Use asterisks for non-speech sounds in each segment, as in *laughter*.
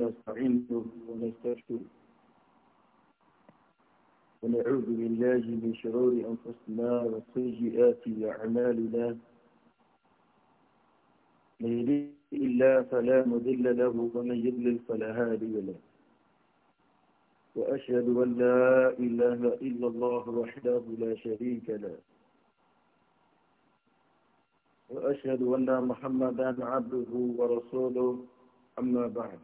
ونستعينه ونستغفره ونعوذ بالله من شرور أنفسنا وسيئات أعمالنا من يهدي الله فلا مذل له ومن يضلل فلا هادي له وأشهد أن لا إله إلا الله وحده لا شريك له وأشهد أن محمدا عبده ورسوله أما بعد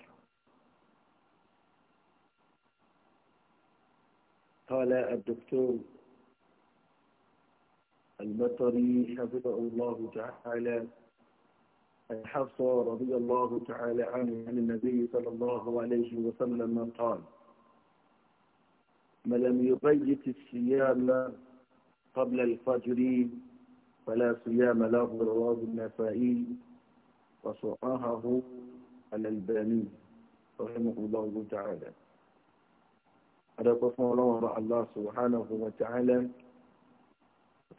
قال الدكتور المطري حفظه الله تعالى عن رضي الله تعالى عنه عن النبي صلى الله عليه وسلم قال من لم يبيت الصيام قبل الفجر فلا صيام له رواه النسائي وصححه الباني رحمه الله تعالى الله سبحانه وتعالى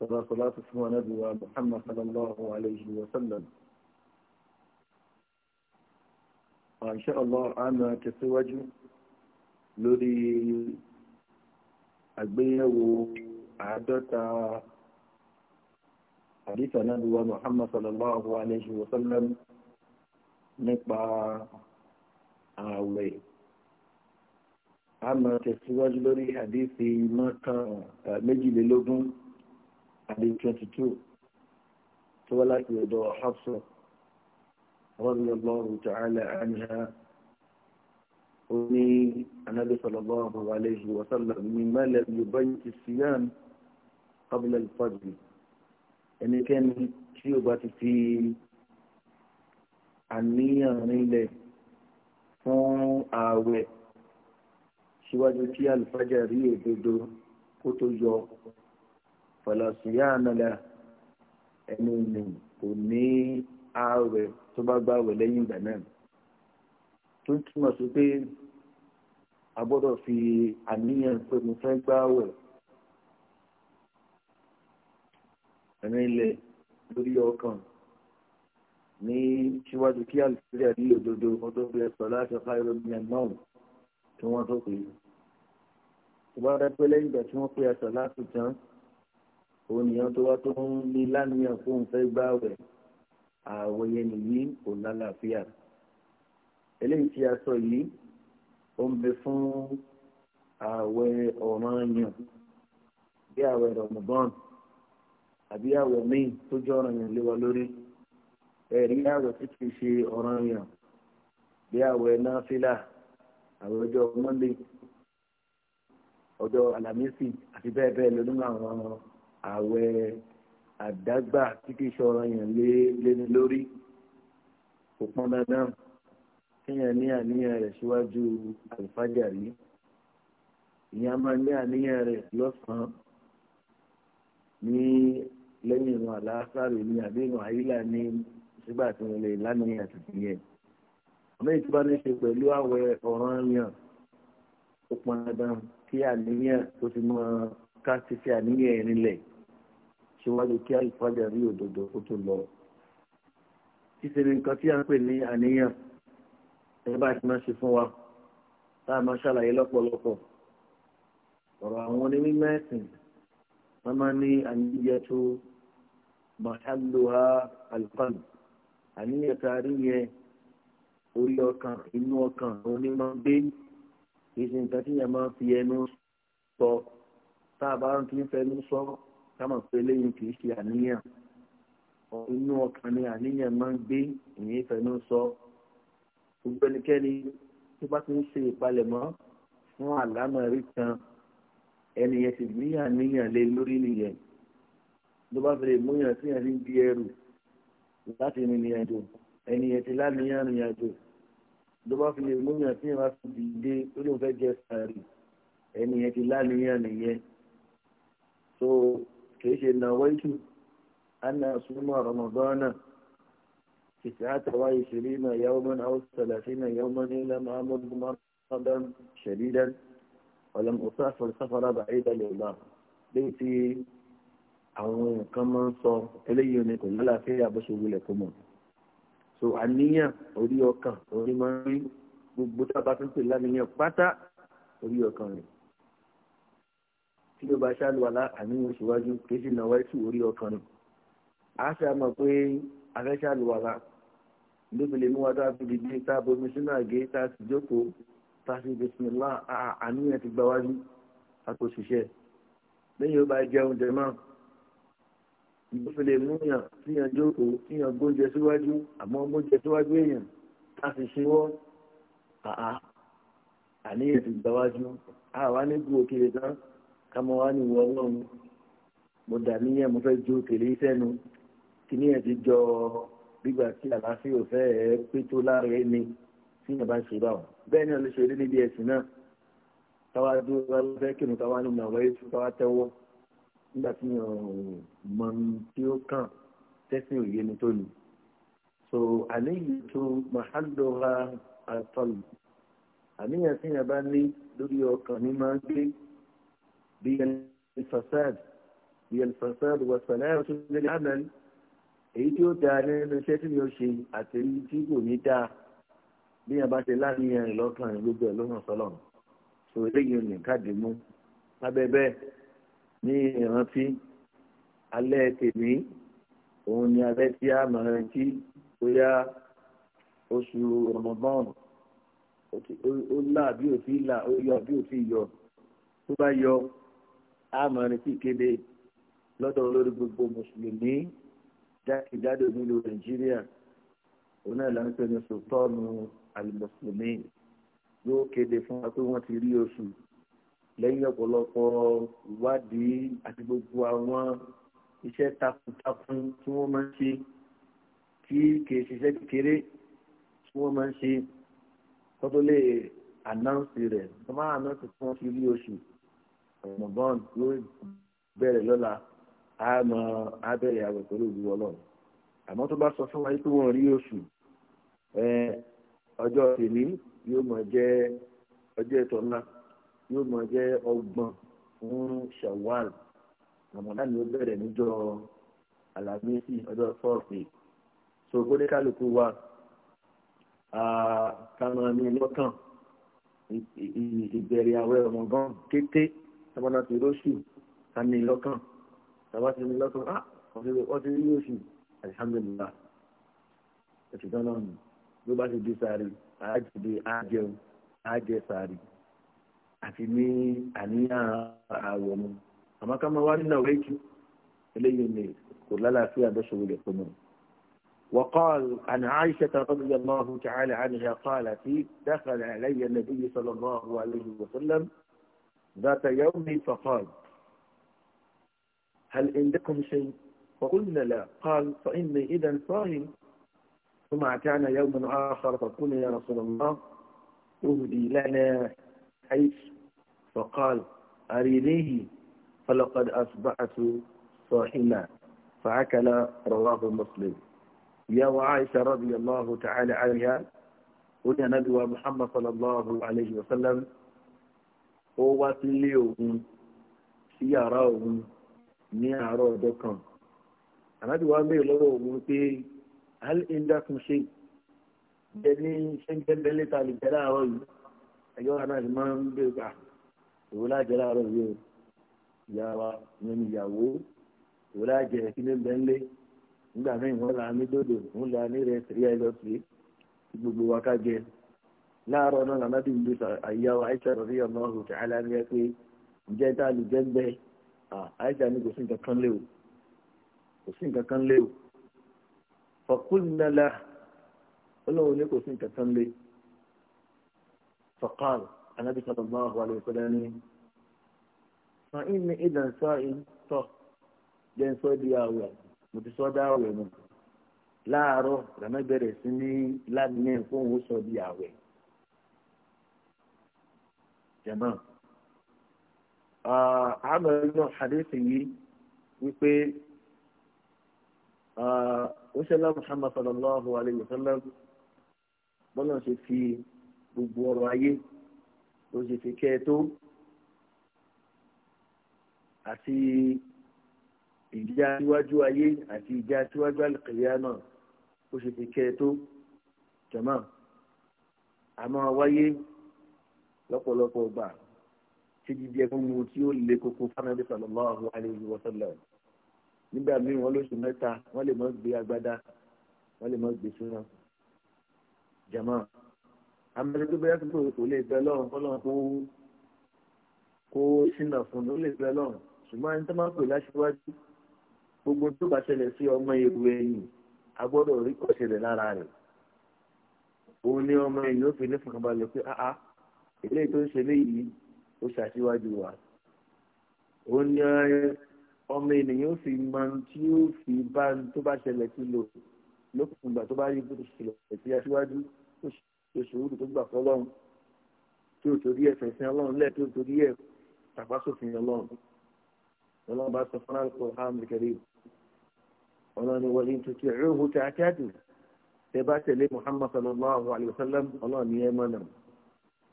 صلاة اسمه نبي محمد صلى الله عليه وسلم إن شاء الله أنا كسوج لدي أبي وعدت حديث نبي محمد صلى الله عليه وسلم نقبع أولئك a máa tẹ̀síwájú lórí àdéhìí mọ́kàn méjìlélógún àdéhìí twenty two tó wá láti ọ̀dọ̀ Hafsa radiyallahu ta'ala anha ó ní anábì sallallahu alayhi wa sallam ní mẹ́lẹ̀ yubayyi siyam qabla al-fajr ẹnikẹ́ni tí ó bá ti fi àníyàn nílẹ̀ fún ààwẹ̀ síwájú kí àlùfájà rí òdodo kó tó yọ fàlàsùyà ànàlà ẹnu nù kò ní ààwẹ̀ tó bá gbààwẹ̀ lẹ́yìn ìgbà náà tó ń túmọ̀ sí pé a gbọ́dọ̀ fi àníyàn pé mo fẹ́ gbààwẹ̀ ẹ̀rín ilẹ̀ lórí ọkàn ní síwájú kí àlùfájà rí òdodo kó tó yọ fàlàsùyà ànàlà ẹnu nù kí wọ́n tó pè é tó bá rẹ pé lẹ́yìn ìgbà tí wọ́n pè aṣọ láti tán òun nìyẹn tó wá tó ń lé lánìyàn fóun fẹ́ gbá rẹ̀ àwòye nìyí kò lálàáfíà eléyìí tí a sọ yìí ó ń bẹ fún ààwẹ̀ ọ̀ranyàn bí ààwẹ̀ rọ̀mùbọ́n àbí ààwẹ̀ míì tó jẹ́ ọ̀ranyàn lé wa lórí ẹ̀rí ààwẹ̀ tí kìí ṣe ọ̀ranyàn bí ààwẹ̀ náfìlà àwọn ọjọ́ monday ọjọ́ alamisi àti bẹ́ẹ̀ bẹ́ẹ̀ lọ nínú àwọn ààwẹ̀ àdágbà tí kì í ṣọ̀rọ̀ yẹn lé léni lórí kò pọn dandan kéèyàn ní àníyàn rẹ̀ síwájú àlùfájà rí ìyẹn a máa ní àníyàn rẹ̀ lọ́sàn-án ní lẹ́yìn ìrun àlàáfáà rè ní àbí ìrun àyílà ní sígbà tí wọ́n lè lánàá àtìkú yẹn àmọ́ èyí tó bá ní ṣe pẹ̀lú àwẹ̀ ọ̀ranyàn ó pọn dandan kí àníyàn tó ti mọ ká ti fi àníyàn ẹ̀ nílẹ̀ ṣíwájú kí àlùfáàjà rí òdodo kó tó lọ. ṣíṣe ni nǹkan tí a ń pè ní àníyàn ẹ bá ti máa ṣe fún wa tá a máa ṣàlàyé lọ́pọ̀lọpọ̀ ọ̀rọ̀ àwọn onímọ̀ ẹ̀sìn wọ́n máa ní àníyàn tó màálùú ha àlùfáàjà àníyàn tá a rí yẹn orí ọkàn inú ọkàn onímọ̀ gbé ìṣe nǹkan tí yẹn máa fi ẹnu sọ tá a bá ń fi fẹnu sọ ká mọ̀ pé lẹ́yìn kì í ṣe àníyàn inú ọkàn ni àníyàn máa ń gbé ìyẹn fẹnu sọ gbogbo ẹnikẹ́ni tó bá ti ń ṣe ìpalẹ̀mọ́ fún àlámọ̀ rí kan ẹnìyẹn sì ní àníyàn lé lórí nìyẹn ló bá fẹ́rẹ̀ múyàn sí ẹni bí ẹrù láti rìnrìn àjò ẹnìyẹn ti láníyàn rìnrìn àjò ló bá fi lè múyàn tí yẹn bá fi dìde ó lóun fẹ́ jẹ sàárì ẹni yẹn ti láníyàn nìyẹn so kì í ṣe nàwáìtù ana súnmọ́ ramadana تسعة وعشرين يوما أو ثلاثين يوما لم أمر مرضا شديدا ولم أسافر سفرا بعيدا لله بيتي àwọn nǹkan máa ń sọ eléyìí ni kò lálàáfíà bó ṣe wulẹ̀ kó mọ̀ so àníyàn orí ọkàn orí máa ń rí gbogbo tábà tó ń pè láníyàn pátá orí ọkàn rẹ̀ tí ó bá ṣàlùwàlá àníyàn síwájú kéjì náà wáyé sí orí ọkàn rẹ̀ a ṣe àmọ̀ pé afẹ́ ṣàlùwàlá lóbìnrin mú wájú àbídí bí tá a bomi sínú àgé tá a sì jókòó tá a sì bisimilá àníyàn ti gbáwájú a kò ṣiṣẹ́ lẹ́yìn ó bá jẹun jẹ máa ló fi lè mú yàn síyàn jókòó síyàn gbóúnjẹ síwájú àmọ́ gbóúnjẹ síwájú èèyàn ká fi ṣíwọ́ àá àníyàn ti gbáwájú àwa nígbù òkèlè tán ká mọ wá níwọ ọlọ́run mo dà níyàn mo fẹ́ ju òkèlè sẹ́nu kìnìyàn ti jọ gbígbà tí àlàáfíà ò fẹ́ ẹ pé tó lára ẹni síyàn bá ń ṣe báwọn bẹ́ẹ̀ ni ọ̀lẹ́ṣẹ̀ lé níbi ẹ̀sìn náà táwa dúró táwa nígbà tí yàn mọ tí ó kàn tẹ́sí òye ni tó ni so àníyàn tó mahadora atọ́lù àníyàn tí yàn bá ní lórí ọkàn ní máa ń gbé bí alfasad bí alfasad wà sàlàyé tó ń lé àmàlí èyí tí ó dáa nínú iṣẹ́ tí yóò ṣe àti èyí tí kò ní dáa bí yàn bá ṣe láàrin yàn lọ́kàn rẹ̀ gbogbo ẹ̀ so eléyìí ò ní káàdì mú lábẹ́ bẹ́ẹ̀ ní ìrántí alẹ́ tèmi òun ni alẹ́ tí a máa rántí bóyá oṣù Ramadan ó là bí ó ti là ó yọ bí ó ti yọ tó bá yọ a máa rántí ìkéde lọ́dọ̀ lórí gbogbo mùsùlùmí jákèjádò nílùú Nàìjíríà òun náà là ń pè ní Sultanu al-Muslimin yóò kéde fún wa pé wọ́n ti rí oṣù lẹ́yìn ọ̀pọ̀lọpọ̀ ìwádìí àti gbogbo àwọn iṣẹ́ takuntakun tí wọ́n máa ń ṣe tí kìí ṣiṣẹ́ kékeré tí wọ́n máa ń ṣe kó tó lè ànáǹsì rẹ̀ wọ́n máa ànáǹsì tí wọ́n fi rí oṣù ọ̀nàbọ́n ló bẹ̀rẹ̀ lọ́la á mọ abẹ́rẹ́ àwẹ̀ pẹ̀lú òbí ọlọ́run àmọ́ tó bá sọ fún wa pé wọ́n rí oṣù ọjọ́ tèmi yóò mọ̀ jẹ́ ọjọ́ ìtọ́lá yóò mọ jẹ́ ọgbọ̀n fún shawwal ramadan yóò bẹ̀rẹ̀ níjọ́ alamisi ọjọ́ sọ́ọ̀sì so kó dé kálukú wa kánú ẹni lọ́kàn ìbẹ̀rẹ̀ àwẹ̀ ọmọgán kété tábàdà ti róṣù kánú lọ́kàn tábà ti ní lọ́kàn á ah, wọ́n ti rí róṣù alihamdulilah ẹ̀sìn tán náà ló bá ti di sáré àájẹ̀dẹ̀ àájẹun àájẹ sáré. àti ní àníyàn ààwẹ̀ mu àmọ́ ká máa wá nínú àwọn èjì eléyìí ni aniyan mu lálàáfíà bó eleyii ni ko lalaafia وقال عن عائشة رضي الله تعالى عنها قالت دخل علي النبي صلى الله عليه وسلم ذات يوم فقال هل عندكم شيء فقلنا لا قال فإني إذا صائم ثم أتانا يوم آخر فقلنا يا رسول الله اهدي لنا حيث فقال أرينيه فلقد أصبعت صاحما فأكل رواه مسلم يا وعائشة رضي الله تعالى عنها هنا نبي محمد صلى الله عليه وسلم هو سليوهم سياراهم ní àárọ̀ أنا kan ànábì wa bẹ́ẹ̀ lọ́wọ́ òun pé hal indakun ṣe jẹ ní ẹ̀yọ́ wa náà ti máa ń bè pa ah, ìwọ lájẹ láàárọ̀ yìí o ìyá wa ìyẹn ni ìyàwó ìwọ lájẹ kí ní bẹ́ẹ̀ lé nígbà míì wọ́n là ní dòdò wọ́n là ní rẹ̀ tẹ̀lé ẹ̀ lọ sí gbogbo wa ká jẹ láàárọ̀ náà lànà bí ìlú àyà àìsàn rẹ̀ yọ̀ náà òkè aláàbíyá pé ǹjẹ́ tá a lè jẹ́ bẹ́ẹ̀ àìsàn ah, ni kò sí nǹkan kan lé o kò sí nǹkan kan lé o fọkúnnala olóhùn ní kò sí nǹkan kan lé o. فقال النبي صلى الله عليه وسلم فإني إذا صائم صح jẹ́ sọ́ di àwẹ̀ mo ti sọ́ dá àwẹ̀ mu láàárọ̀ lànà bẹ̀rẹ̀ sí ní ládìyẹ fún òun sọ di àwẹ̀ jẹ̀mọ́ àmọ́ inú hadithi yìí wípé ó ṣẹlẹ̀ muhammad sallallahu alayhi wa sallam bọ́lá ṣe fi gbogbo ọrọ̀ ayé ló ṣe fi kẹ́ ẹ tó àti ìjà síwájú ayé àti ìjà síwájú àlùkìyà náà ó ṣe fi kẹ́ ẹ tó jọ̀mọ́ àmọ́ wáyé lọ́pọ̀lọpọ̀ gbà tí jíjẹ fún mu tí ó le koko fánàbí sallallahu alaihi wa sallam nígbà míì wọn lóṣù mẹ́ta wọ́n lè mọ́ gbé agbádá wọ́n lè mọ́ gbé súná jọ̀mọ́ amẹ́rẹ́ tó bẹ́ẹ̀ tó kò lè bẹ lọ́rùn kọ́lọ́run kó kó ṣìnà fún un ó lè bẹ lọ́rùn ṣùgbọ́n ẹni tó máa ń pè láṣíwájú gbogbo tó bá ṣẹlẹ̀ sí ọmọ ewu ẹ̀yìn a gbọ́dọ̀ rí kọ̀ṣẹ̀lẹ̀ lára rẹ̀ òun ni ọmọ ẹ̀yìn ó fi ní fọkànbalẹ̀ pé áá eléyìí tó ń ṣe léyìí ó ṣàṣíwájú wa òun ni ọmọ ènìyàn ó fi máa tí ó fi bá tó bá ṣẹlẹ̀ sí lò lókùnkùn ìgbà tó bá rí bó ṣẹlẹ̀ sí aṣíwájú ó ṣe tó sùúrù tó gbà fọlọ́run tí ó torí ẹ̀ fẹ̀sìn ọlọ́run lẹ̀ tó torí ẹ̀ tàbásòfin ọlọ́run ọlọ́run bá sọ fúnra kọ hàmì kẹrì ọlọ́run ni wọlé tuntun ẹ̀rọ òhù tí a kíákì tẹ bá tẹ̀lé muhammad sallallahu alayhi wa sallam ọlọ́run ni ẹ mọ̀ náà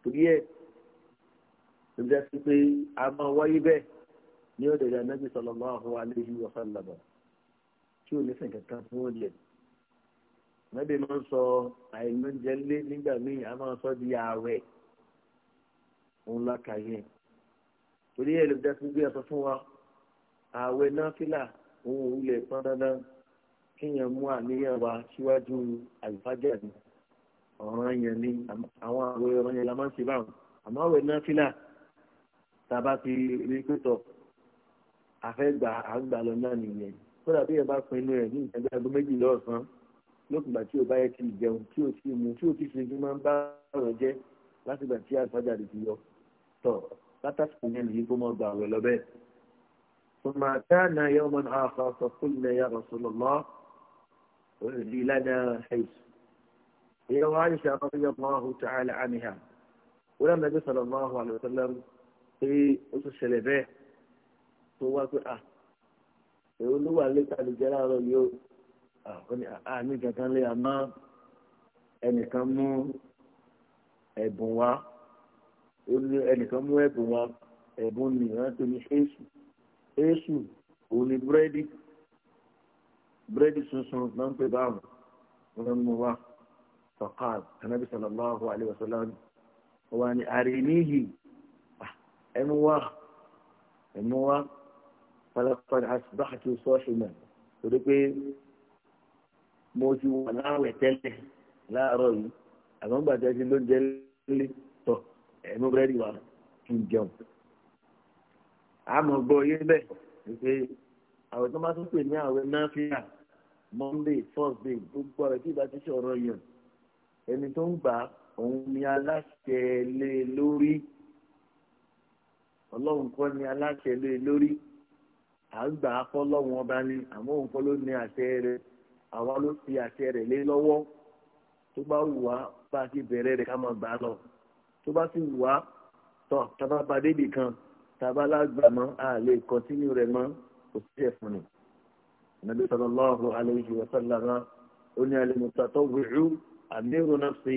torí ẹ̀ ló dá sí pé a máa wáyé bẹ́ẹ̀ ní ọ̀dọ̀ ìyá nàbì sallallahu alayhi wa sallam tí ò ní sìn kankan fún ọ̀lẹ́ nàbẹ máa ń sọ àìlóúnjẹ lé nígbà míì a máa sọ di ààrẹ òun lákàyè torí ẹ lè dẹ́kun gbé ẹsọ fún wa ààwẹ̀ náfìlà òun ò lè pọn dandan kéèyàn mú àníyàn wa síwájú àlùfájà ni ọ̀ràn yẹn ni àwọn àwẹ̀ ọ̀ràn yẹn la máa ń ṣe báwọn àmọ́ àwẹ̀ náfìlà tàbá ti rí pẹ́tọ̀ àfẹ́gbà àgbà lọ náà nìyẹn kódà bí ẹ bá pinnu ẹ̀ ní ìtẹ́gbẹ́ agbó án lókùngbà tí o bá yẹ ti jẹun tí o ti mu tí o ti ṣe ju máa ń bá ọ̀rọ̀ jẹ́ látìgbà tí àfájáde ti yọ tọ̀ látàkùn yẹn nìyí kó mọ́ gba ọ̀rọ̀ lọ bẹ́ẹ̀. ثم كان يوما آخر فقلنا يا رسول الله اهدي لنا حيث هي عائشة رضي الله تعالى عنها ولما النبي صلى الله عليه وسلم في أسس الشلبيه tó wá pé à ah, èrò ló wà àní kankan lé àmọ́ ẹnìkan mú ẹ̀bùn wá ó ní ẹnìkan mú ẹ̀bùn wá ẹ̀bùn ni wọ́n tó ní éṣù éṣù òun ni búrẹ́dì búrẹ́dì sunsun náà ń pè báwọn wọn mú wá faqad anabi sallallahu alayhi wa sallam wa ni arinihi ah, ẹnu wá ẹnu wá falakọ asibáhàtì sọ́ọ̀ṣì náà torí pé mo ti wà láwẹ̀ tẹ́lẹ̀ láàárọ̀ yìí àmọ́ gbà tẹ́ sí lóúnjẹ lé tọ̀ ẹ̀mú búrẹ́dì wa kí n jẹun. àmọ́ gbọ́ yé bẹ́ẹ̀ wípé àwọn tó máa tún pè ní àwẹ̀ náà fi hàn monday thursday gbogbo ọ̀rẹ́ tí ìbá ti sọ̀rọ̀ yàn ẹni tó ń gbà òun ni aláṣẹ lé lórí ọlọ́run kọ́ ni aláṣẹ lé lórí à ń gbà á fọ́ lọ́wọ́n ọba ni àmọ́ òun kọ́ ló ní àṣẹ rẹ̀ àwa ló fi àṣẹ rẹ̀ lé lọ́wọ́ tó bá wù wá bá a ti bẹ̀rẹ̀ rẹ̀ ká máa gbà á lọ tó bá sì wù wá tọ̀ tábà bá débì kan tábà lágbà mọ́ a lè kọ́tínú rẹ̀ mọ́ kò sí ẹ̀fọn ni. nàbí sallallahu alayhi wa sallam ó ní al-mutatawwi'u amiru nafsi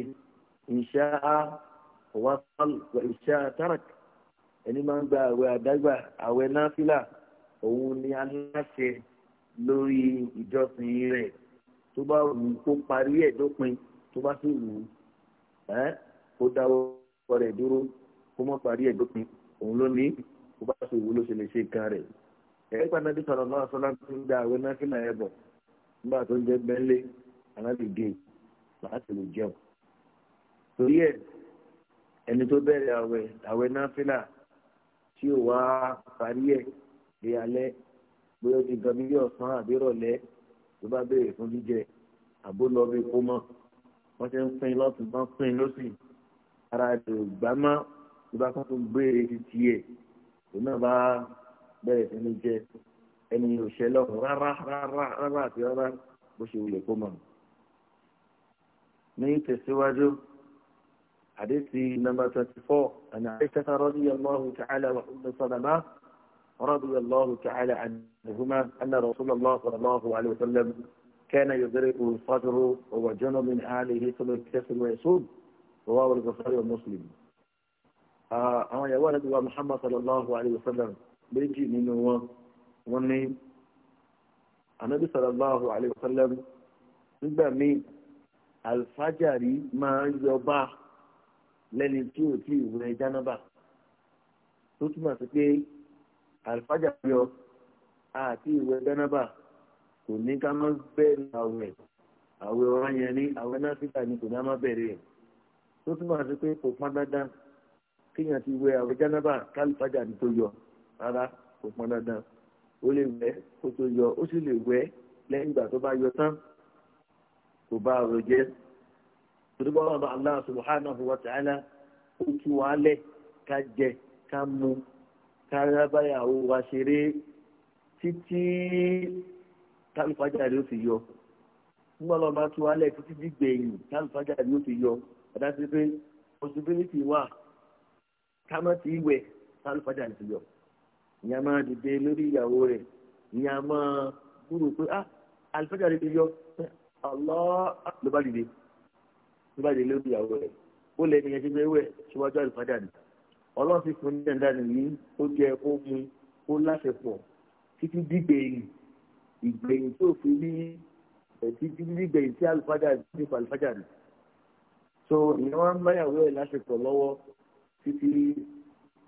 in sha'a wasal wa in tarak ẹni máa ń gba àwẹ̀ àdágbà àwẹ̀ náfìlà òun ni aláṣẹ lórí ìjọsìn rẹ̀. tó bá wù kó parí ẹ̀ dópin tó bá sì wù ú ẹ́ kó dáwọ́ rẹ̀ dúró kó mọ́ parí ẹ̀ dópin òun ló bá sì wù ló ṣe lè ṣe nǹkan rẹ̀ ẹ̀rí pàtàkì sọ̀rọ̀ náà sọ́lá tó ń àwọn ẹ̀ bọ̀ nígbà tó ń jẹ́ bẹ́ńlé aládìgé láti e, lè jẹun torí ẹ̀ ẹni tó bẹ̀rẹ̀ àwẹ̀ àwẹ̀ tí ò wá parí tó bá béèrè fún jíjẹ àbó lọ bí kó mọ́ wọ́n ṣe ń pín lọ́tún tán pín lọ́sì ara ètò ìgbà tó bá kọ́kọ́ béèrè ti tiẹ̀ tó náà bá bẹ̀rẹ̀ sí ní jẹ ẹni òṣèlú lọ́kùn rárá rárá rárá àti rárá bó ṣe wulẹ̀ kó mọ̀. ní tẹ̀síwájú àdéhùn nàmbà twenty four àná àdéhùn tẹ̀síwájú yẹn lọ́hùn tààlà wà ó رضي الله تعالى عنهما أن رسول الله صلى الله عليه وسلم كان يدركه الفجر وهو جنب من أهله ثم يكتسل ويصوم رواه البخاري ومسلم àwọn ìyàwó àti wa muhammad sallallahu alayhi wa sallam méjì nínú wọn wọ́n ní anabi sallallahu alayhi wa sallam nígbà míì alfajari máa ń yọba lẹ́ni tí ò tí ì wẹ̀ jánábà tó túmọ̀ sí pé àlùfájà yọ àti ìwẹ̀ dánábà kò ní ká má bẹ̀rẹ̀ àwẹ̀ àwẹ̀ ọ̀rá yẹn ní àwẹ̀ náfíkà ni kò ní á má bẹ̀rẹ̀ ẹ̀ tó túmọ̀ sí pé kò pọn dandan kéèyàn ti wẹ̀ àwẹ̀ dánábà kálùfájà ni tó yọ rárá kò pọn dandan ó lè wẹ̀ kó tó yọ ó sì lè wẹ̀ lẹ́yìn ìgbà tó bá yọ tán kò bá ọ̀rọ̀ jẹ́ tòdúbọ̀ wọn bá Allah subhanahu wa ta'ala ó tú wa ká jẹ ká mu kára báyàwó wa ṣeré títí tálùfájà ló fi yọ nígbà lọ́ọ́ máa tún wálẹ̀ títí dígbẹ̀yìn tálùfájà ló fi yọ àdáṣe pé possibility wà ká má ti wẹ̀ tálùfájà ló fi yọ ìyá máa dìde lórí ìyàwó rẹ̀ ìyá máa gbúrò pé ah àlùfájà ló fi yọ ọlọ́ ah, ló bá dìde ló bá dìde lórí ìyàwó rẹ̀ ó lẹ́ni ẹ̀ṣẹ̀ fẹ́ wẹ̀ síwájú ọlọ́run ti fún ní ẹ̀dá nìyí ó jẹ ó mu ó láṣepọ̀ títí dìgbẹ̀yìn ìgbẹ̀yìn tó fi ní títí dìgbẹ̀yìn tí alùpàdà ti fà alùpàdà rẹ̀ so ìyẹn wọn bá yàwó ẹ̀ láṣepọ̀ lọ́wọ́ títí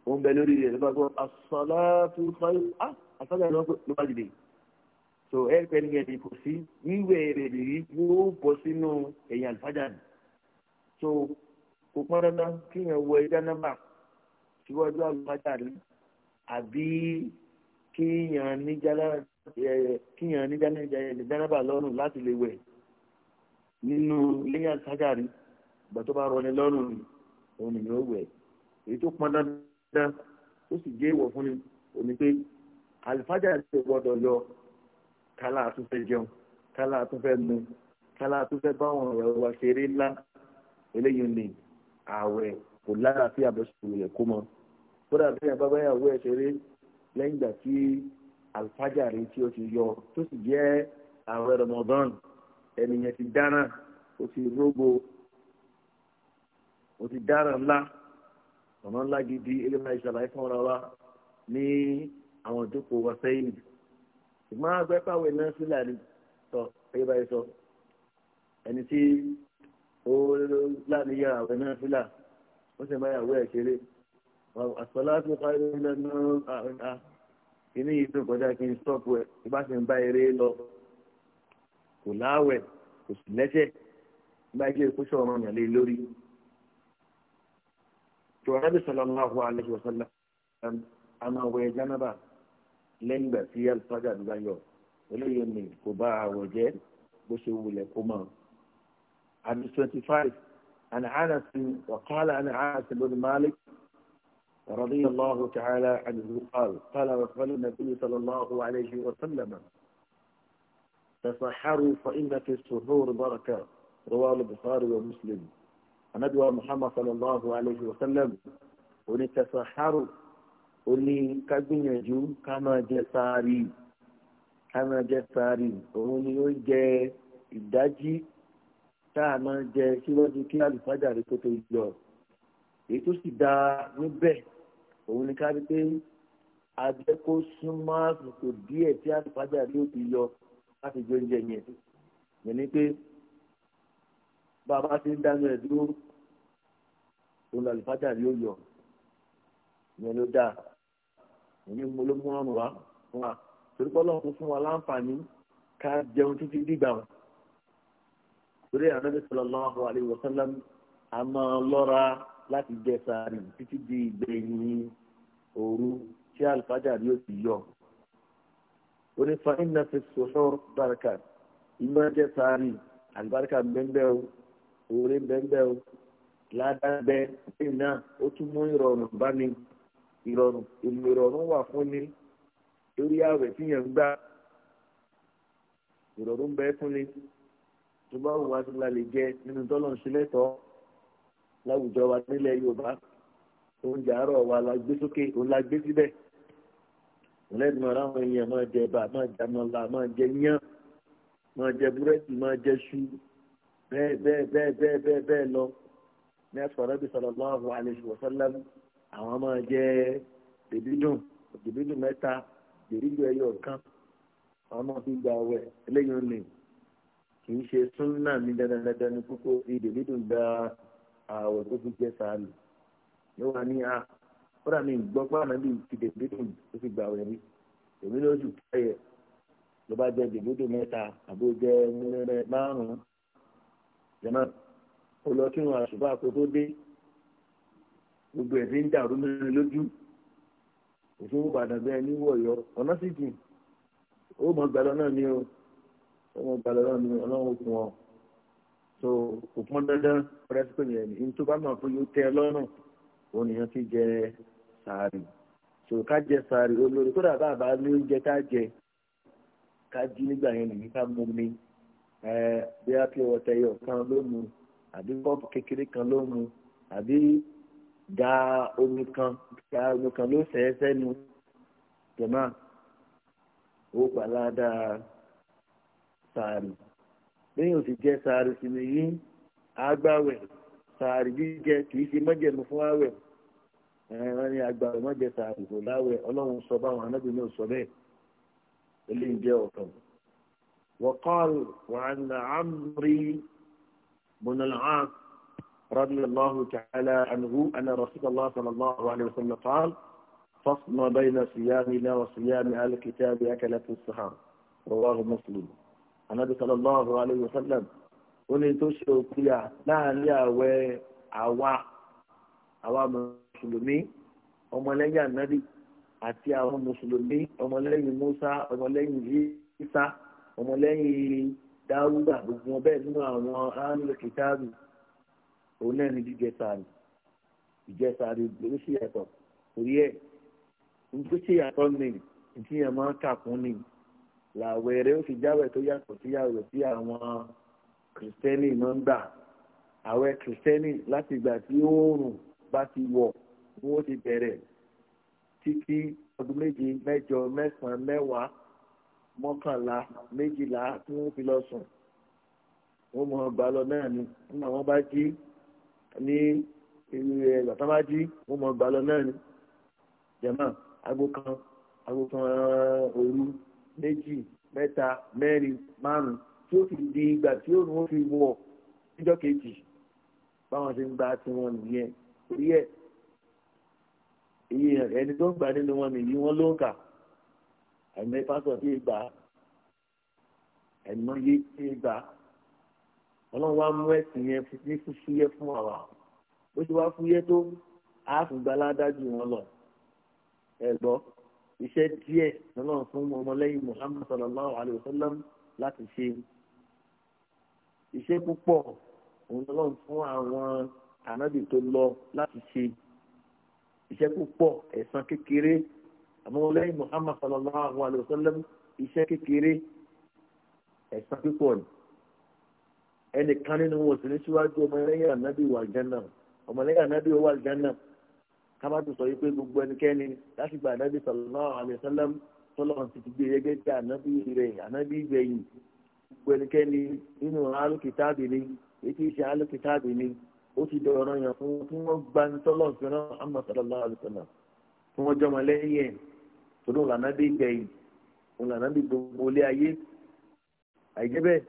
ó ń bẹ lórí rẹ̀ ló bá gbọ́ asọ́lá tó fáyọ́ ah asọ́lá ló bá dìde so ẹ pẹ́ ní ẹ̀dín kò sí wíwẹ̀ rẹ̀ nìyí yóò bọ́ sínú ẹ̀yìn alùpàdà rẹ̀ so kò pọ́n dandan kí yẹn wọ ẹja náà síwájú àlùfáàjáde àbí kíyàn níjàlá ìjànàbà lọ́rùn láti lè wẹ̀ nínú lẹ́yìn àlùfáàjáde ìgbà tó bá rọni lọ́rùn ni òun ni yóò wẹ̀ èyí tó pọn dandan ó sì jẹ́ ìwọ̀ fún ni òní pé àlùfáàjáde ti gbọ́dọ̀ yọ kálá àtúnṣe jẹun kálá àtúnṣe mu kálá àtúnṣe báwọn ọ̀rọ̀ wa ṣeré ńlá eléyìí ni ààwẹ̀ kò lára sí àbẹ̀sùn rẹ̀ kó mọ́ kódà bẹ́ẹ̀ bá báyàwó ẹ̀ ṣeré lẹ́yìn ìgbà tí alfajari tí ó ti yọ tó sì jẹ́ ààrẹ Ramadan ẹnìyẹn ti dáná ó ti rógbó ó ti dáná ńlá ọ̀nà ńlá gidi eléyìí ìṣàlàyé fún ọ̀rọ̀ wa ní àwọn ìdókòwò wa sẹ́yìn ìgbọ́n àgbẹ̀ pàwẹ̀ náà sílẹ̀ ni tọ́ ẹ̀yẹ́ báyìí sọ ẹni tí ó láníyàn àwẹ̀ náà sílẹ̀ ó sì máa yàwó ẹ̀ ṣeré àsọláàtì parí lọ náà kíní yìí tó kọjá kí n sọ́ọ̀pù ẹ̀ tí bá ti ń bá eré lọ kò láwẹ̀ kò sì lẹ́sẹ̀ bá jẹ́ kó sọ̀rọ̀ ọ̀nà lé lórí. tòun Ànábì sallallahu alaihi wasallam a máa wẹ̀ jánábà lẹ́yìn ìgbà tí alùpàdà ló yọ eléyìí ni kò bá àwọ̀ jẹ́ bó ṣe wulẹ̀ kó mọ̀. àbí twenty five àná ànàsì wàkàlà àná ànàsì lórí Malik. رضي الله تعالى عنه قال قال رسول النبي صلى الله عليه وسلم تصحروا فإن في السحور بركة رواه البخاري ومسلم ندوى محمد صلى الله عليه وسلم وني تسحروا وني كبنيجو كما جساري كما جساري وني يجي ìdájí tá a máa jẹ síwájú kí àlùfájà rẹ tó tó yọ èyí òun ni ká rí pé abẹ́ kó súnmọ́ àsìkò díẹ̀ tí àtúfájà yóò ti yọ láti jẹ oúnjẹ yẹn yẹn ni pé bàbá ti ń dáná ẹ̀ dúró òun làlùfájà yóò yọ yẹn ló dáa èyí mo ló mú ọrùn wá fún wa torí pé ọlọ́run fún wa láǹfààní ká jẹun títí dìgbà wọn torí ànábi sallallahu alaihi wasallam a máa lọ́ra láti jẹ sàárì títí di ìgbẹ̀yìn òru tí alifájà yóò ti yọ ó ní fa iná fi sòṣọ́ baraka iná jẹ́ sáárì àlùbáríkà bẹ́ẹ̀ o òre bẹ́ẹ̀ o ládàbẹ́ lẹ́yìn náà ó tún mú ìrọ̀rùn bá ní ìrọ̀rùn ìrọ̀rùn wà fún ni lórí ààwẹ̀ tí yẹn ń gbà ìrọ̀rùn bẹ́ẹ̀ fún ni tó bá wù wá sí la lè jẹ nínú tọ́lọ̀ ń ṣe lẹ́tọ̀ọ́ láwùjọ wa nílẹ̀ Yorùbá oúnjẹ àárọ̀ wa la gbé sókè òun la gbé síbẹ̀ lẹ́nu ara àwọn èèyàn máa jẹ bá máa jẹ amọ̀la máa jẹ yán máa jẹ búrẹ́dì máa jẹ ṣu bẹ́ẹ̀ bẹ́ẹ̀ bẹ́ẹ̀ bẹ́ẹ̀ bẹ́ẹ̀ bẹ́ẹ̀ lọ ní asọ̀rọ̀ bí sallallahu alaihi wa sallam àwọn máa jẹ dèbídùn dèbídùn mẹ́ta dèbídùn ẹyọ kan àwọn máa fi gba ọwẹ́ eléyìí ni kì í ṣe súnnà mi dandandandan ní kókó ìdèbídùn gba àwẹ̀ tó fi jẹ sáà ló wà ní a ah, kódà mi gbọ́ pé ànábì ti dèbédò ó ti gbà wẹ̀ rí èmi ló jù káyẹ̀ ló bá jẹ dèbédò mẹ́ta àbó jẹ múlẹ́rẹ́ márùn-ún jẹ̀mọ́ ó lọ kírun àṣùbà kó tó dé gbogbo ẹ̀ ti ń dàrú mẹ́rin lójú òfin ìbàdàn bẹ́ẹ̀ ní wọ̀yọ́ ọ̀nà sì jìn ó mọ̀ gbàlọ́ náà ni o ó mọ̀ gbàlọ́ náà ni ọlọ́run kún ọ so kò pọn dandan rẹ́sípẹ̀ yẹn ní tó bá mọ̀ fún yóò tẹ́ ẹ lọ́rùn. òun nìyẹn fi jẹ sàárì so ká jẹ sàárì olórí kódà bá àbá ló ń jẹ ká jẹ ká jí nígbà yẹn nìyí ká mú mi bí a kan ló mu àbí kọ́ọ̀pù kékeré kan ló mu àbí da omi kan da omi kan ló sẹ́ẹ́ sẹ́nu jẹ̀má ó gbà sàárì lẹ́yìn òsì jẹ́ sàárì sàárì jíjẹ kìí ṣe mọ́jẹ̀mú fún àwẹ̀ ẹ̀rọ ni agbára mọ́jẹ̀ sàárì kò láwẹ̀ ọlọ́run sọ báwọn anábì náà sọ bẹ́ẹ̀ eléyìí jẹ́ ọ̀kan. وقال وعن عمري بن العاص رضي الله تعالى عنه أن رسول الله صلى الله عليه وسلم قال فصل بين صيامنا وصيام أهل الكتاب أكلة السحر رواه مسلم النبي صلى الله عليه وسلم ó ní tó ṣe òpìlà láàrin àwẹ̀ àwa àwa mùsùlùmí ọmọlẹ́yìn ànábì àti àwọn mùsùlùmí ọmọlẹ́yìn musa ọmọlẹ́yìn isa ọmọlẹ́yìn dáúdà gbogbo ọbẹ̀ nínú àwọn áńlò kìtàbù òun náà ní jíjẹ sàárì ìjẹ sàárì ló sì yàtọ̀ torí ẹ̀ nígbà tí yàtọ̀ ní ìtìyàn máa ń kà fún ni làwẹ̀ rẹ̀ ó fi jáwẹ̀ tó yàtọ̀ síyàwẹ̀ sí àwọn kìrìsìtẹ́nì náà ń gbà àwẹ̀ kìrìsìtẹ́nì láti ìgbà tí oòrùn bá ti wọ̀ ni wọ́n ti bẹ̀rẹ̀ títí ọdún méje mẹ́jọ mẹ́sàn-án mẹ́wàá mọ́kànlá méjìlá tí wọ́n fi lọ sùn wọ́n mọ̀ ọ́n bá lọ náà ni nígbà wọ́n bá jí ní ìlú ẹ̀ bàtà bá jí wọ́n mọ̀ ọ́n lọ náà ni jẹ̀mọ́ aago kan aago kan òru méjì mẹ́ta mẹ́rin márùn tí ó fi di ìgbà tí ó rún fi wọ̀ níjọ́ kejì báwọn ṣe ń gba tiwọn nìyẹn orí ẹ̀ iye ẹni tó ń gbà nínú wọn nìyí wọn ló ń kà ẹ̀mí pásọ̀ tí ì gbà ẹ̀mí yé tí ì gbà ọlọ́run wá mú ẹ̀sìn yẹn ní fúfúyẹ́ fún àwa ó ti wá fúyẹ́ tó àáfùgbà ládájú wọn lọ ẹ̀gbọ́ iṣẹ́ díẹ̀ lọ́nà fún ọmọlẹ́yìn Muhammad sallallahu alayhi wa sallam láti ṣe iṣẹ́ púpọ̀ òun lọ́n fún àwọn ànábì tó lọ láti ṣe iṣẹ́ púpọ̀ ẹ̀san kékeré àmọ́ lẹ́yìn Muhammad sallallahu alayhi wa sallam iṣẹ́ kékeré ẹ̀san púpọ̀ ni ẹnìkan nínú wọn sì ní síwájú ọmọlẹ́yìn ànábì wà jẹ́nà ọmọlẹ́yìn ànábì wà jẹ́nà kábàtú sọ wípé gbogbo ẹnikẹ́ni láti gba ànábì sallallahu alayhi wa sallam tọ́lọ́run ti ti gbé yẹgẹ́ jẹ́ ànábì rẹ̀ ànábì gbẹ̀yìn gbogbo ẹnikẹ́ni nínú alùkìtàbì ni ètò ìṣe alùkìtàbì ni ó ti dọ̀rọ̀ yàn fún kí wọ́n gba tọ́lọ̀ fẹ́ràn amọ̀sálàlá àlùsọ̀nà kí wọ́n jọmọ lẹ́yìn ẹ̀ tòdó lànà bí gbẹ̀yìn òlànà bí gbogbo ilé ayé àìjẹ́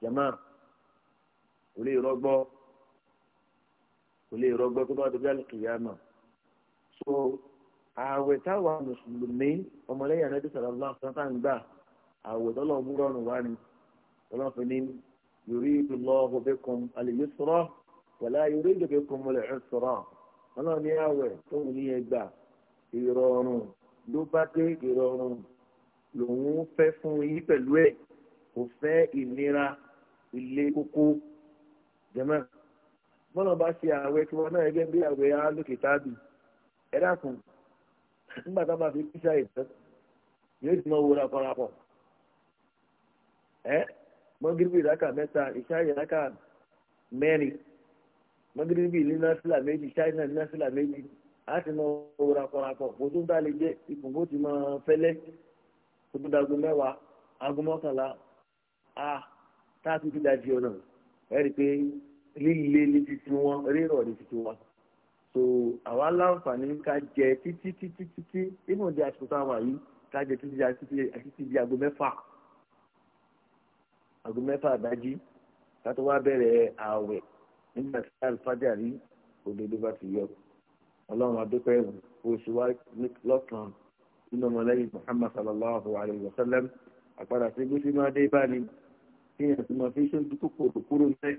jama kò lè rọgbọ́ kò lè rọgbọ́ bá so ààwẹ̀ táwa mùsùlùmí ọmọlẹ́yìn gbà àwẹ̀ tọ́lọ̀ ń rọrùn wá ni tọ́lọ̀ fi ní yuridu Allahu bikum al-yusra wala yuridu bikum al-usra ọlọ́run ní àwẹ̀ tó ń ní ẹgbà ìrọ̀rùn ló bá dé ìrọ̀rùn lòun fẹ́ fún yín pẹ̀lú ẹ̀ kò fẹ́ ìnira ilé kókó jẹ́mọ́ bọ́lá bá ṣe àwẹ̀ tí wọn náà gẹ́gẹ́ bí àwẹ̀ alókè tábì ẹ dákun nígbà tá bá fi kíṣà ìtọ́ yóò ti mọ owó parapọ̀ eh magribi zaka meta ishaji zaka meni magribi lina sila meji ishaji na lina sila meji ati na ora kora ko bodun da leje ipungo ti ma fele kubuda gumewa agumotala ah ta ti bi da ji ona eri pe lile ni ti ti won rero ni ti ti won so awa lanfani ka je titi titi titi imu di asukun awa yi ka je titi titi titi titi di ago mẹfa. aago mẹ́fà dájí kátó wá bẹ̀rẹ̀ ààwẹ̀ nígbà tí alifájà rí òdodo bá ti yọ ọlọ́run adúpẹ́ oṣù wa lọ́kàn nínú ọmọlẹ́yìn muhammad sallallahu alayhi wa sallam àpàdà sí gbèsè máa dé bá ní kí èèyàn ti máa fi ṣe ojú kòkò tó kúrò mẹ́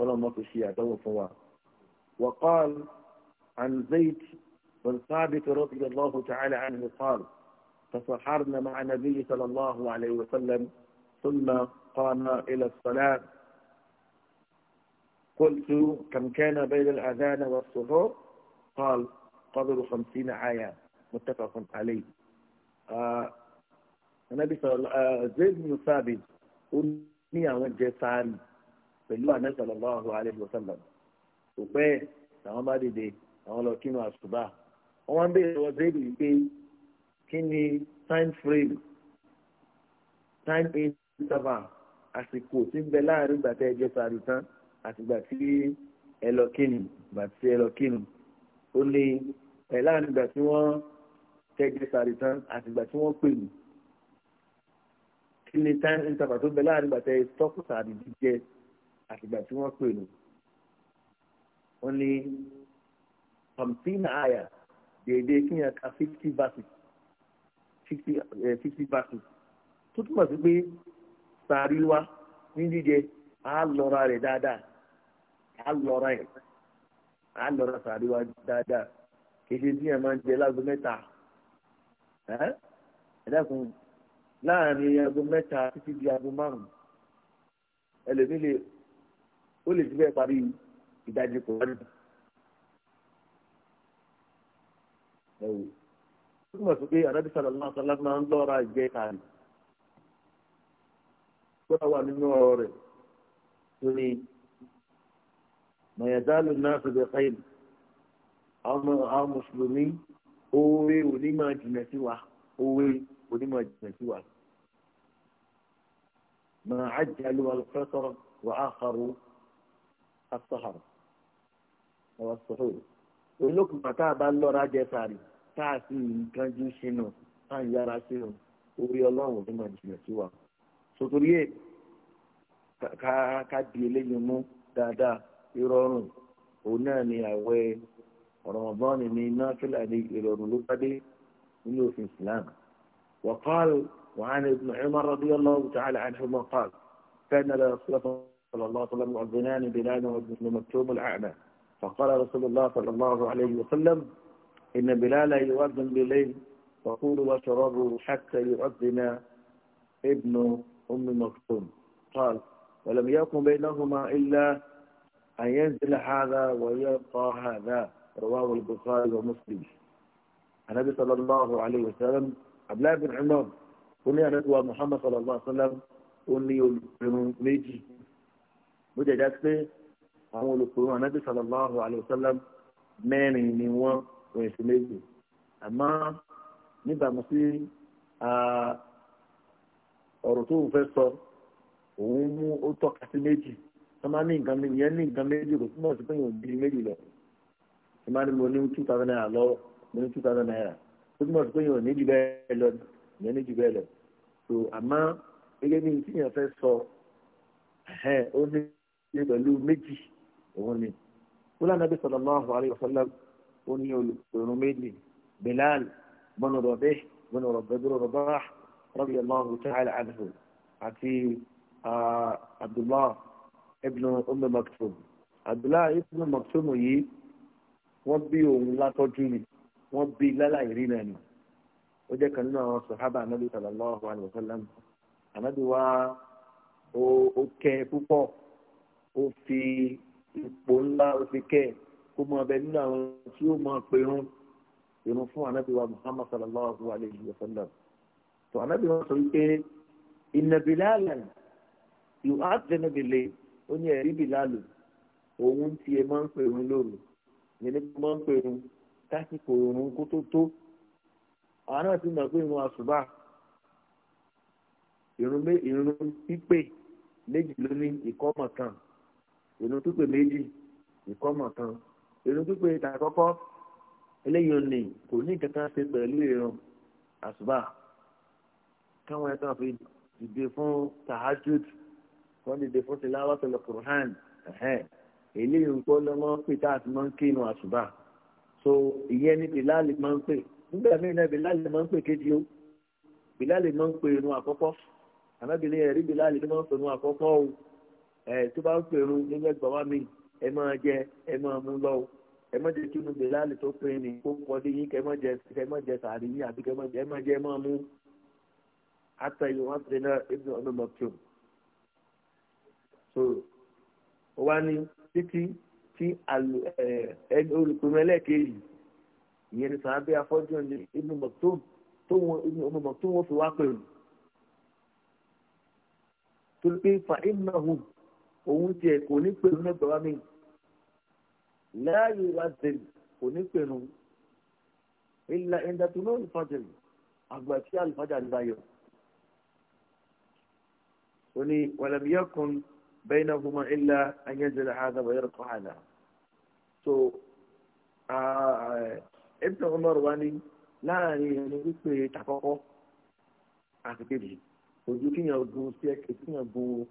ọlọ́run fi ṣe àdánwò fún wa. وقال عن زيد بن ثابت رضي الله تعالى عنه قال تسحرنا مع النبي صلى الله عليه وسلم ثم قام إلى الصلاة قلت كم كان بين الأذان والسحور قال قدر خمسين آية متفق عليه آه النبي صلى الله عليه وسلم زيد بن ثابت ní àwọn jẹ sáárì pẹ̀lú ànẹ́sàlọ́láhu alẹ́sọ̀sálàm kò pẹ́ àwọn bá dìde àwọn lọ kínú àṣùbà wọ́n wá ń béèrè lọ déèdì wípé kí ni time frame time in sísọfà àsìkò tí ń bẹ láàrin ìgbà tẹ ẹ sàrù tán àtìgbà tí ẹ lọ kínu ìgbà tí ẹ lọ kínu ó lé ẹ láàrin ìgbà tí wọn tẹ sàrù tán àtìgbà tí wọn pè mí kí ni time interval tó bẹ láàrin ìgbà tẹ ẹ tọkù sàrù jíjẹ àtìgbà tí wọn pè mí ó ní pamphina aya dèédéé kí yẹn ka fifty verses eh, fifty verses tó túmọ̀ sí pé tàrí wá ní jíjẹ á lọ́ra rẹ̀ dáadáa á lọ́ra ẹ̀ á lọ́ra tàrí wá dáadáa kéde bí ẹ máa ń jẹ láago mẹ́ta ẹ dákun láàrin aago mẹ́ta títí di aago márùn-ún ẹlòmíì lè ó lè ti bẹ́ẹ̀ parí ìdajì kò wá nù. ẹ̀wò ó túmọ̀ sí pé àdábìsọ̀rọ̀ náà sọlá máa ń lọ́ra ìjẹ́ kàlù kódà wà nínú ọ̀rọ̀ rẹ̀ lórí mọ̀yàdálù náà fi bẹ̀ fáìlì àwọn mùsùlùmí oore onímọ̀ jìnà sí wa oore onímọ̀ jìnà sí wa. ما عجلوا القطر وآخروا الصحر أو الصحور olókùnkà tá a bá lọ́ra jẹ sàrí tá a sì ń kánjú sínú tá ń yára sínú orí ọlọ́run ní màjìnà sí wa. sotori yẹ ká ká di eléyìí mú dáadáa ìrọ̀rùn òun náà ni àwẹ̀ Ramadan ni náfìlà ni ìrọ̀rùn ló bá dé nínú òfin Islam وقال وعن ابن عمر رضي الله تعالى عنهما قال كان رسول الله صلى الله عليه وسلم يعذنان بلال وابن مكتوم الأعمى فقال رسول الله صلى الله عليه وسلم إن بلال يؤذن بالليل فقولوا وشربوا حتى يؤذن ابن أم مكتوم قال ولم يكن بينهما إلا أن ينزل هذا ويبقى هذا رواه البخاري ومسلم النبي صلى الله عليه وسلم عبد الله بن عمر قلنا ندوى محمد صلى الله عليه وسلم قلني méjì bó jẹ́ já pé àwọn النبي صلى الله عليه وسلم mẹ́rin ni wọ́n أما sí méjì àmọ́ ọ̀rọ̀ tó fẹ́ sọ òun mú ó tọ́ka sí méjì tó máa ní nǹkan méjì yẹn ní nǹkan méjì kò túmọ̀ sí pé yóò di méjì lọ tó máa ní mo ní two thousand naira lọ́wọ́ mo ní two thousand naira ó túmọ̀ sí pé yóò ní bẹ́ẹ̀ lọ yẹn ní bẹ́ẹ̀ lọ so àmọ́ gẹ́gẹ́ bí tí yẹn fẹ́ sọ ó ní ní pẹ̀lú méjì òun ni kúlá nàbí sallallahu alaihi wasallam ó ní olùkọ́ méjì Bilal bọ́nù rọ̀bẹ́ bọ́nù rọ̀bẹ́ dúró radiyallahu ta'ala anhu àti abdullah ibn عبد الله ابن ibn maktum yìí wọ́n bí òun látọ́jú ni wọ́n bí láláì rí náà ni ó jẹ́ kan nínú àwọn sàhábà anábì sallallahu alayhi wa sallam anábì wa ó kẹ́ púpọ̀ ó fi ipò ńlá ó fi kẹ́ kó mọ abẹ nínú àwọn tí ó mọ pé irun fún anábì wa muhammad sallallahu alayhi tó anábì wọn sọ wípé ìnàbìlálà yóò á dẹnubìlẹ ó ní ẹrí bìlálù òun tiẹ̀ máa ń pèrún lóru yẹn máa ń pèrún tásìkò òrùn kó tó tó àwọn náà ti mọ̀ pé irun àṣùbà irun pípé méjì ló ní ìkọ́mọ̀ kan irun pípé méjì ìkọ́mọ̀ kan irun pípé ìta eléyìí ò ní kò ní kankan ṣe pẹ̀lú irun àṣùbà káwọn ẹ̀ tán fi dìde fún tahajud wọ́n dìde fún tilawa tẹ̀lé Qur'an eléyìí nǹkan lọ́mọ pé tá a máa ń ké inú àṣùbà so ìyẹn ni Bilal máa ń pè nígbà míì náà Bilal máa ń pè kéde o Bilal máa ń pè inú àkọ́kọ́ àmọ́bìnrin ẹ̀rí Bilal máa ń pè inú àkọ́kọ́ o ẹ̀ tó bá ń pè inú nígbà gbà mi ẹ máa jẹ ẹ máa mú lọ́wọ́ ẹ má jẹ kí inú Bilal tó pè ní kó kọ́ dé yín kẹ́ má jẹ sàárì yín àbí kẹ́ má jẹ ẹ má jẹ ẹ má mú. حتى يؤذن ابن أم مكتوم so wá ní títí tí olùpinnu ẹlẹ́ẹ̀kejì ìyẹn ní sàn abẹ́ afọ́jú ní ibn Maktum tó wọn ibn Umm Maktum wọn fi wá pẹ̀lú torí pé fa ìnáwó òun tiẹ̀ kò ní pẹ̀lú mẹ́gbàá mi láàyè wá zèlè kò ní pẹ̀lú ìlà ìdàtúnú ìfọ̀jẹ̀lì àgbà tí àlùfáàjà ń bá yọ. وني ولم يكن بينهما إلا أن ينزل هذا ويرقى هذا so Ibn Umar wa ni láàrin ẹni wípé takọ́kọ́ àti kejì ojú kíyàn gun sí ẹ̀kẹ́ kíyàn gun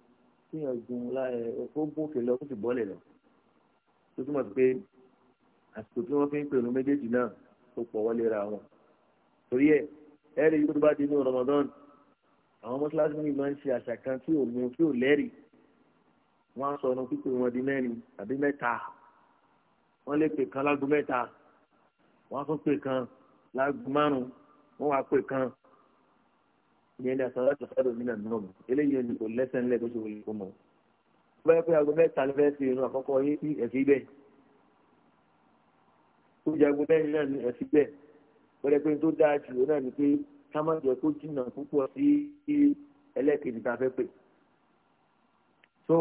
kíyàn gun láàrin ogún òkè lọ kó sì bọ́ọ̀lẹ̀ lọ tó túmọ̀ sí pé àsìkò tí wọ́n fi ń pèrò méjèèjì náà ó pọ̀ wọlé ra wọn torí ẹ̀ ẹ̀rí yóò bá di inú Ramadan àwọn mọ́ṣáláṣí mi máa ń ṣe àṣà kan tí ò mú tí ò lẹ́rìí wọ́n á sọ ọ̀nà pípé wọn di mẹ́rin àbí mẹ́ta wọ́n lè pè kan lágbo mẹ́ta wọ́n á tún pè kan lágbo márùn-ún wọ́n wá pè kan ìyẹn ní àtàwọn àti ọ̀sẹ̀ òmìnira náà mọ̀ eléyìí ni kò lẹ́sẹ̀ ńlẹ̀ tó ṣe wọlé kó mọ̀ bẹ́ẹ̀ pé aago mẹ́ta ló fẹ́ fi irun àkọ́kọ́ yín sí ẹ̀fí bẹ́ẹ̀ tó jẹ́ aago mẹ́rin náà ní ẹ̀fí bẹ́ẹ̀ pẹ̀lẹ́pẹ́ tó dáa jù náà ni pé ká má jẹ́ kó jìnnà púpọ̀ sí ẹlẹ́ẹ̀kejì tá a fẹ́ pè. so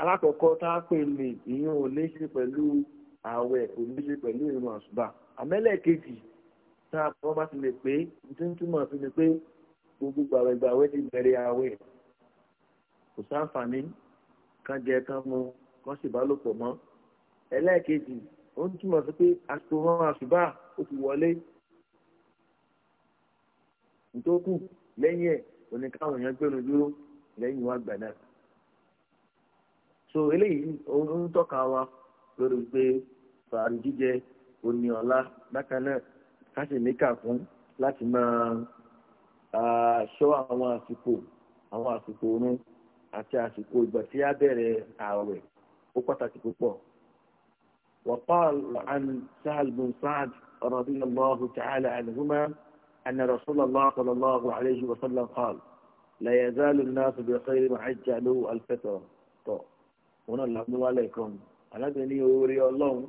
alákọ̀ọ́kọ́ tá a pè lè ìyẹn ò ní ṣe pẹ̀lú ààwẹ̀ kò ní ṣe pẹ̀lú ìrun àṣùbà àmẹ́lẹ́ẹ̀kejì tá a bọ́ bá ti lè pé tuntun fi ni pé gbogbo gbàwẹ̀gbàwẹ̀ ti bẹ̀rẹ̀ ààwẹ̀ kò sáǹfààní kan jẹ kan mu kan sì bá lò pọ̀ mọ́ ẹlẹ́ẹ̀kejì ó ń túmọ̀ sí pé àsìkò wọn àṣùbà ó ti wọlé ntókù lẹ́yìn ẹ̀ òní káwọn èèyàn lẹ́yìn wá gbà náà so eléyìí ń tọ́ka wa lórí pé fàárì jíjẹ ọ̀la náà ká sì fún láti máa aṣọ àwọn àsìkò àwọn àsìkò oorun àti àsìkò ìgbà tí a bẹ̀rẹ̀ ààwẹ̀ ó pàtàkì púpọ̀. وقال عن سهل بن سعد رضي الله تعالى أن رسول الله صلى الله عليه وسلم قال لا يزال الناس بخير ما عجلوا الفترة tó wọn náà làwọn wà lẹ́ẹ̀kan alábẹ́ni oore ọlọ́run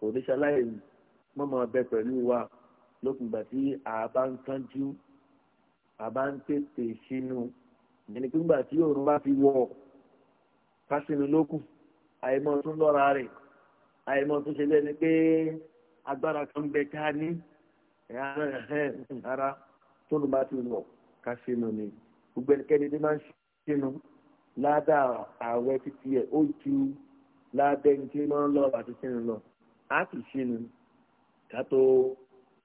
kò ní ṣaláì mọ́mọ́ abẹ pẹ̀lú wa lókun ìgbà tí àbá ń kánjú àbá ń tètè sínú ẹni pé nígbà tí òòrùn bá fi wọ̀ kásínú lókun àìmọ́ tún lọ́ra rẹ̀ àìmọ́ tún ṣe lẹ́ni pé agbára kan bẹ ká ní rárá tó ló bá ti wọ̀ ká sínú ni gbogbo ẹnikẹ́ni tó máa ń sínú ládà ààwẹ̀ títí ẹ̀ ó ju lábẹ́ni tí wọ́n ń lọ àti sínú lọ á sì sínú ká tó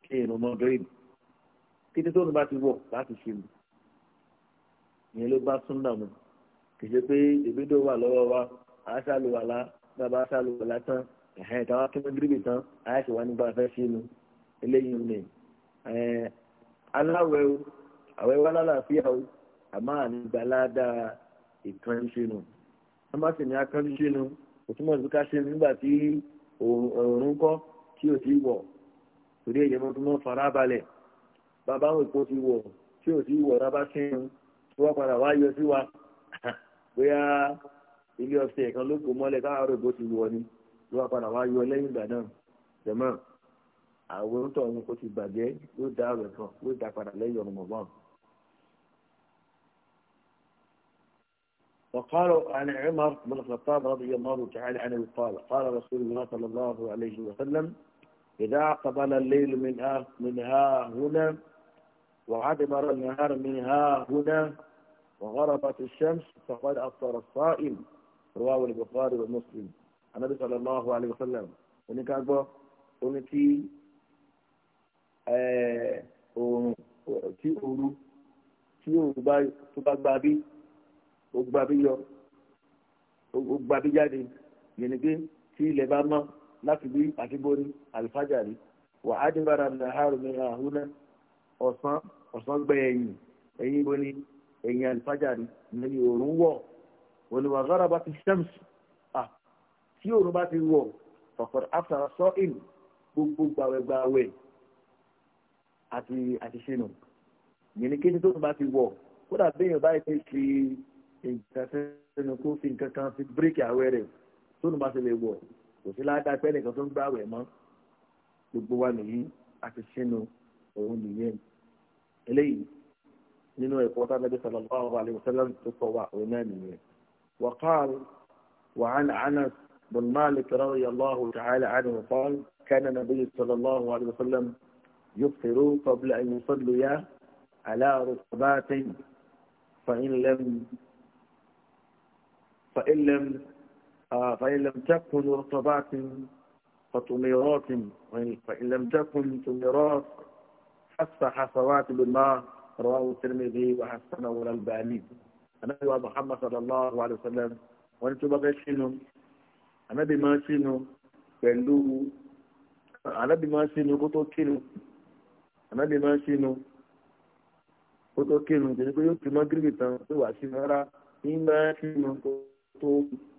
kí irun mọ́ gírèmù títí tó ló bá ti wọ̀ láti sínú ìyẹn ló bá súnà mu kì í ṣe pé ìbídò wà lọ́wọ́ wa àṣà lá bàbá àṣà lù wà lá tán ẹ̀hẹ́n ìtawá kí wọ́n gírèmù tán àyàṣẹ̀ wà nígbà fẹ́ sínú eléyìí ní aláwẹ̀ o àwẹ̀ wà lálàáfíà o àmọ́ ànígbàládà ìkànnì sínú wọ́n bá sì ní akànnì sínú òtúmọ̀ sí ká ṣe nígbà tí òòrùn kọ́ tí ò sí wọ̀ torí èyí mo tún mọ́ bàbá àwọn èkó ti wọ̀ tí ò sí wọ̀ rábá sínú tí wọ́n padà wá yọ sí wa *laughs* bóyá ilé ọ̀sẹ̀ kan ló kó mọ́lẹ̀ káàárọ̀ èkó ti wọ̀ ni tí wọ́n padà wá yọ lẹ́yìn ìgbà náà jẹ̀mọ́. àwọn ọ̀hún kò ti bàjẹ́ yóò dá ọ̀rọ̀ kan yóò dá padà lẹ́yìn ọ̀rọ̀ mọ̀gbọ́n. وقالوا عن عمر بن الخطاب رضي الله تعالى عنه قال قال رسول الله صلى الله عليه وسلم إذا قبل الليل من ها من ها هنا وعدمر النهار من ها هنا وغربت الشمس فقد أفطر الصائم رواه البخاري ومسلم النبي صلى الله عليه وسلم ونكابه ونتي Eh, oòrùn tí ooru tí oòrùn bá tó bá gba bí ó gba bí yọ ó gba bí jáde yẹnni pé tí ilẹ̀ bá mọ́ láti bí àti bóni àlùfájà rí wà á dín bára nàárọ̀ mi àhúná ọ̀sán ọ̀sán gbẹ ẹ̀yìn ẹ̀yìn bóni ẹ̀yìn àlùfájà ní oòrùn wọ̀ olùwàgbára bá ti ṣẹ́mùsù tí oòrùn bá ti wọ̀ fọ̀fọ̀rọ̀ after sọ́ìn gbogbo gbàwẹ̀gbàwẹ̀ àti àṣìṣe nù yìnyín kéde tó bá ti wọ̀ kódà béèyàn báyìí ti fi nǹkan sẹ́nu kó fi nǹkan kan fi bíríkì àwẹ̀ rẹ̀ tó nù bá ti lè wọ̀ kò sí ládàá pẹ́ nìkan tó ń gbà wẹ̀ mọ́ gbogbo wa nìyí àṣìṣe nù òun nìyẹn eléyìí nínú ẹ̀kọ́ tá a nàbẹ́ sallallahu alaihi wasallam tó kọ̀ wá òun náà nìyẹn wàkàrù وعن أنس بن مالك رضي الله تعالى عنه قال كان النبي صلى الله عليه وسلم يفطروا قبل أن يا على رطبات فإن لم فإن لم آه، فإن لم تكن رطبات فطميرات فإن لم تكن تميرات حتى حصوات بالماء رواه الترمذي وحسنه الألباني النبي محمد صلى الله عليه وسلم wọ́n بغيت شنو fẹ́ ما شنو máa sínú بما anábì máa ànábì máa ń sínú ó tó kírun tẹ̀lé pé yóò kí mọ́ gírígì tán tó wà sí rárá ní máa ń sínú tó